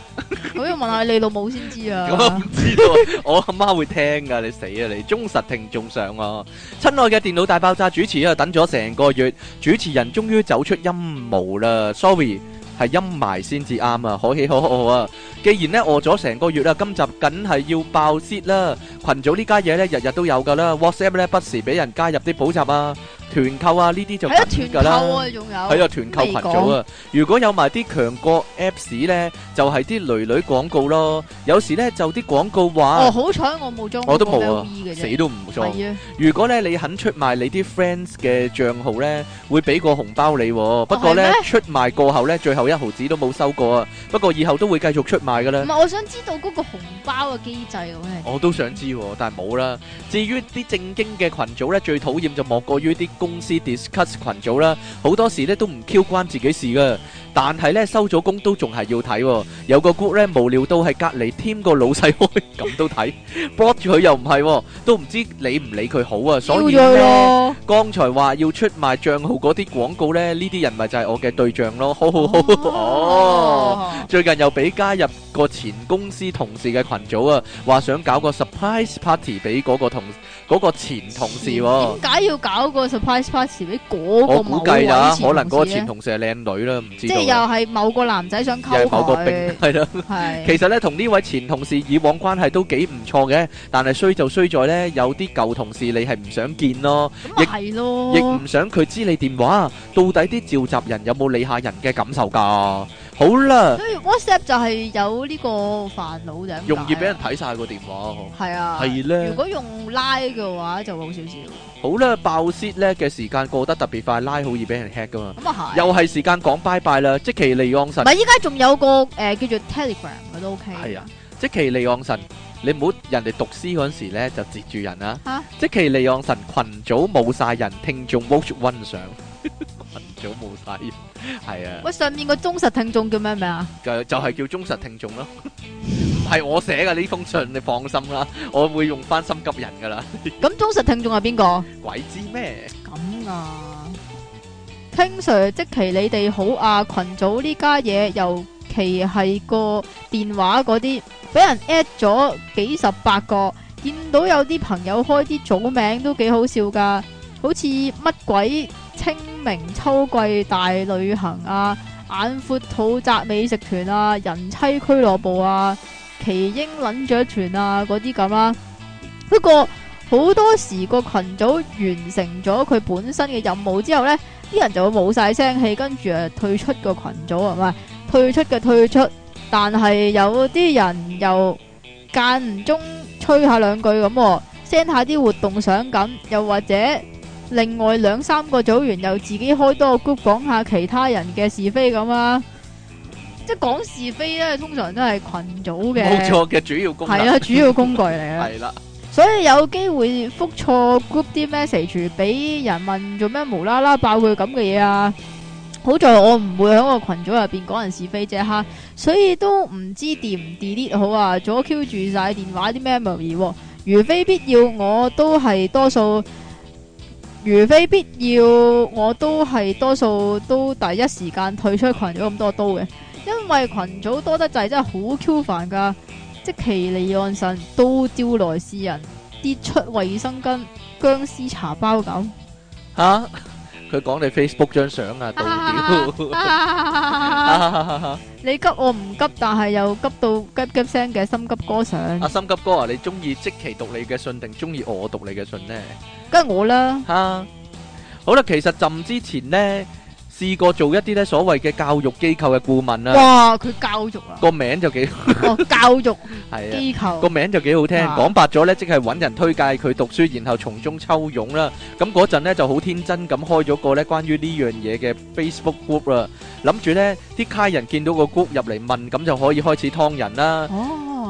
我要問下你老母先知啊。我唔知，我阿媽會聽噶，你死啊你！忠實聽眾上啊，親愛嘅電腦大爆炸主持啊，等咗成個月，主持人終於走出陰霧啦。Sorry。係陰霾先至啱啊！可喜可賀啊！既然呢，餓咗成個月啦，今集梗係要爆先啦！群組呢家嘢呢，日日都有㗎啦，WhatsApp 呢，不時俾人加入啲補習啊！團購啊，呢啲就係啊團購啊，仲有係啊團購群組啊，如果有埋啲強國 apps 咧，就係啲女女廣告咯。有時咧就啲廣告話哦，好彩我冇中，我都冇啊，死都唔裝。如果咧你肯出賣你啲 friends 嘅賬號咧，會俾個紅包你。不過咧出賣過後咧，最後一毫子都冇收過啊。不過以後都會繼續出賣噶啦。唔係，我想知道嗰個紅包嘅機制咁嘅。我都想知，但係冇啦。至於啲正經嘅群組咧，最討厭就莫過於啲。公司 discuss 群組啦，好多時咧都唔 q 關自己事噶，但係咧收咗工都仲係要睇。有個 group 咧無聊到喺隔籬，添個老細開咁都睇，block 住佢又唔係，都唔知理唔理佢好啊。所以咧，剛才話要出賣賬號嗰啲廣告咧，呢啲人咪就係我嘅對象咯。好好好，哦，最近又俾加入個前公司同事嘅群組啊，話想搞個 surprise party 俾嗰個同。嗰個前同事喎，點解要搞個 surprise party 俾嗰個某位前同事咧？我估計啦、啊，可能嗰個前同事係靚女啦，唔知。即係又係某個男仔想溝某個兵，係咯他。 其實咧，同呢位前同事以往關係都幾唔錯嘅，但係衰就衰在咧，有啲舊同事你係唔想見咯。咁咪係咯。亦唔想佢知你電話。到底啲召集人有冇理下人嘅感受㗎？好啦，所以 WhatsApp 就係有呢個煩惱，就容易俾人睇晒個電話，係啊，係咧呢。如果用 Line 嘅話就會好少少。好啦，爆泄咧嘅時間過得特別快，Line 好易俾人 hit 噶嘛。咁啊又係時間講拜拜啦，即其利岸神。唔係，依家仲有個誒、呃、叫做 Telegram 嘅都 OK。係啊，積淇離岸神，你唔好人哋讀書嗰陣時咧就截住人啦、啊。吓哈，積淇離岸神群組冇晒人，聽眾 watch 溫上。群組冇晒，係啊！喂，上面個忠實聽眾叫咩名啊？就就係叫忠實聽眾咯，唔係我寫噶呢封信，你放心啦，我會用翻心急人噶啦。咁忠實聽眾係邊個？鬼知咩？咁啊！King Sir 即其你哋好啊，群組呢家嘢，尤其係個電話嗰啲，俾人 at 咗幾十八個，見到有啲朋友開啲組名都幾好笑噶，好似乜鬼清。明秋季大旅行啊，眼闊肚窄美食團啊，人妻俱樂部啊，奇英忍咗團啊嗰啲咁啊。不過好多時個群組完成咗佢本身嘅任務之後呢，啲人就會冇晒聲氣，跟住啊退出個群組啊，唔係退出嘅退出。但係有啲人又間唔中吹下兩句咁，send、啊、下啲活動相咁，又或者。另外兩三個組員又自己開多個 group 講下其他人嘅是非咁啊，即係講是非咧，通常都係群組嘅。冇錯嘅主要工係啊，主要工具嚟嘅。係啦， 的所以有機會覆錯 group 啲 message 俾人問做咩無啦啦爆佢咁嘅嘢啊！好在我唔會喺個群組入邊講人是非啫吓，所以都唔知 delete 唔 delete 好啊，阻 Q 住晒電話啲 memory。如非必要，我都係多數。如非必要，我都係多數都第一時間退出群組咁多刀嘅，因為群組多得滯，真係好 Q 煩噶，積淇離岸神，刀招來是人跌出衛生巾，薑絲茶包咁，吓、啊。佢講你 Facebook 張相啊，屌！你急我唔急，但係又急到夾夾聲嘅心急歌手。阿心急哥啊，你中意即期讀你嘅信定中意我讀你嘅信咧？梗係我啦。嚇，好啦，其實浸之前咧。試過做一啲呢所謂嘅教育機構嘅顧問啦，哇！佢教育啊，個名就幾哦教育係啊，機構個名就幾好聽，講白咗呢，即係揾人推介佢讀書，然後從中抽傭啦。咁嗰陣呢就好天真咁開咗個呢關於呢樣嘢嘅 Facebook group 啊，諗住呢啲卡人見到個 group 入嚟問，咁就可以開始劏人啦。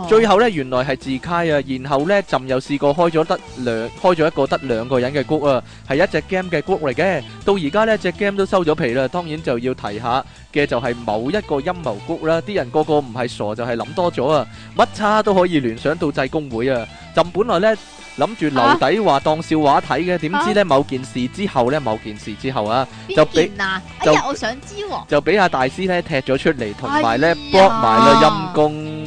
最後呢，原來係自開啊，然後呢朕又試過開咗得兩開咗一個得兩個人嘅 group 啊，係一隻 game 嘅 group 嚟嘅。到而家呢隻 game 都收咗皮啦，當然就要提下嘅就係某一個陰謀 group 啦。啲人個個唔係傻就係諗多咗啊，乜叉都可以聯想到濟公會啊。朕本來呢諗住留底話當笑話睇嘅，點知呢某件事之後呢某件事之後啊，就俾就俾阿大師呢踢咗出嚟同埋呢 block 埋啦陰功。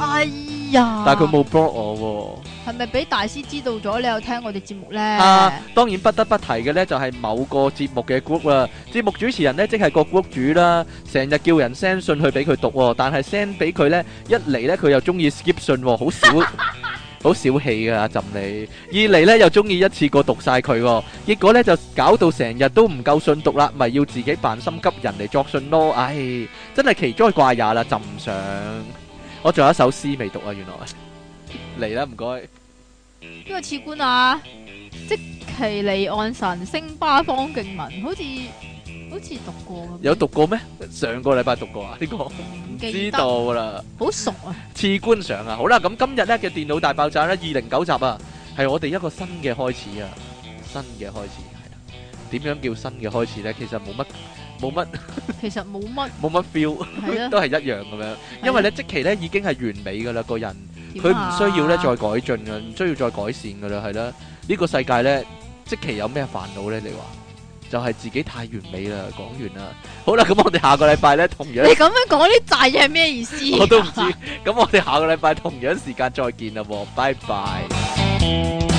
但係佢冇 block 我喎，係咪俾大師知道咗你有聽我哋節目呢？啊，當然不得不提嘅呢就係某個節目嘅 group 啦，節目主持人呢即係個 group 主啦，成日叫人 send 信去俾佢讀，但係 send 俾佢呢，一嚟呢佢又中意 skip 信，好少，好小氣噶，朕你；二嚟呢又中意一次過讀晒佢，結果呢就搞到成日都唔夠信讀啦，咪要自己扮心急人嚟作信咯，唉，真係奇哉怪也啦，朕唔上。我仲有一首詩未讀啊，原來嚟，啦，唔該。邊個賜官啊？積淇離岸神星八方敬文，好似好似讀過。有讀過咩？上個禮拜讀過啊？呢個唔記得啦，好熟啊。賜官上啊！好啦，咁今日呢嘅電腦大爆炸咧，二零九集啊，係我哋一個新嘅開始啊，新嘅開始，係啦。點樣叫新嘅開始呢？其實冇乜。冇乜，其實冇乜，冇乜 feel，都係一樣咁樣。因為咧，即期咧已經係完美噶啦，個人佢唔需要咧再改進噶，唔需要再改善噶啦，係啦。呢個世界咧，即期有咩煩惱咧？你話就係自己太完美啦。講完啦。好啦，咁我哋下個禮拜咧同樣，你咁樣講啲詐嘢係咩意思？我都唔知。咁我哋下個禮拜同樣時間再見啦，喎，bye bye。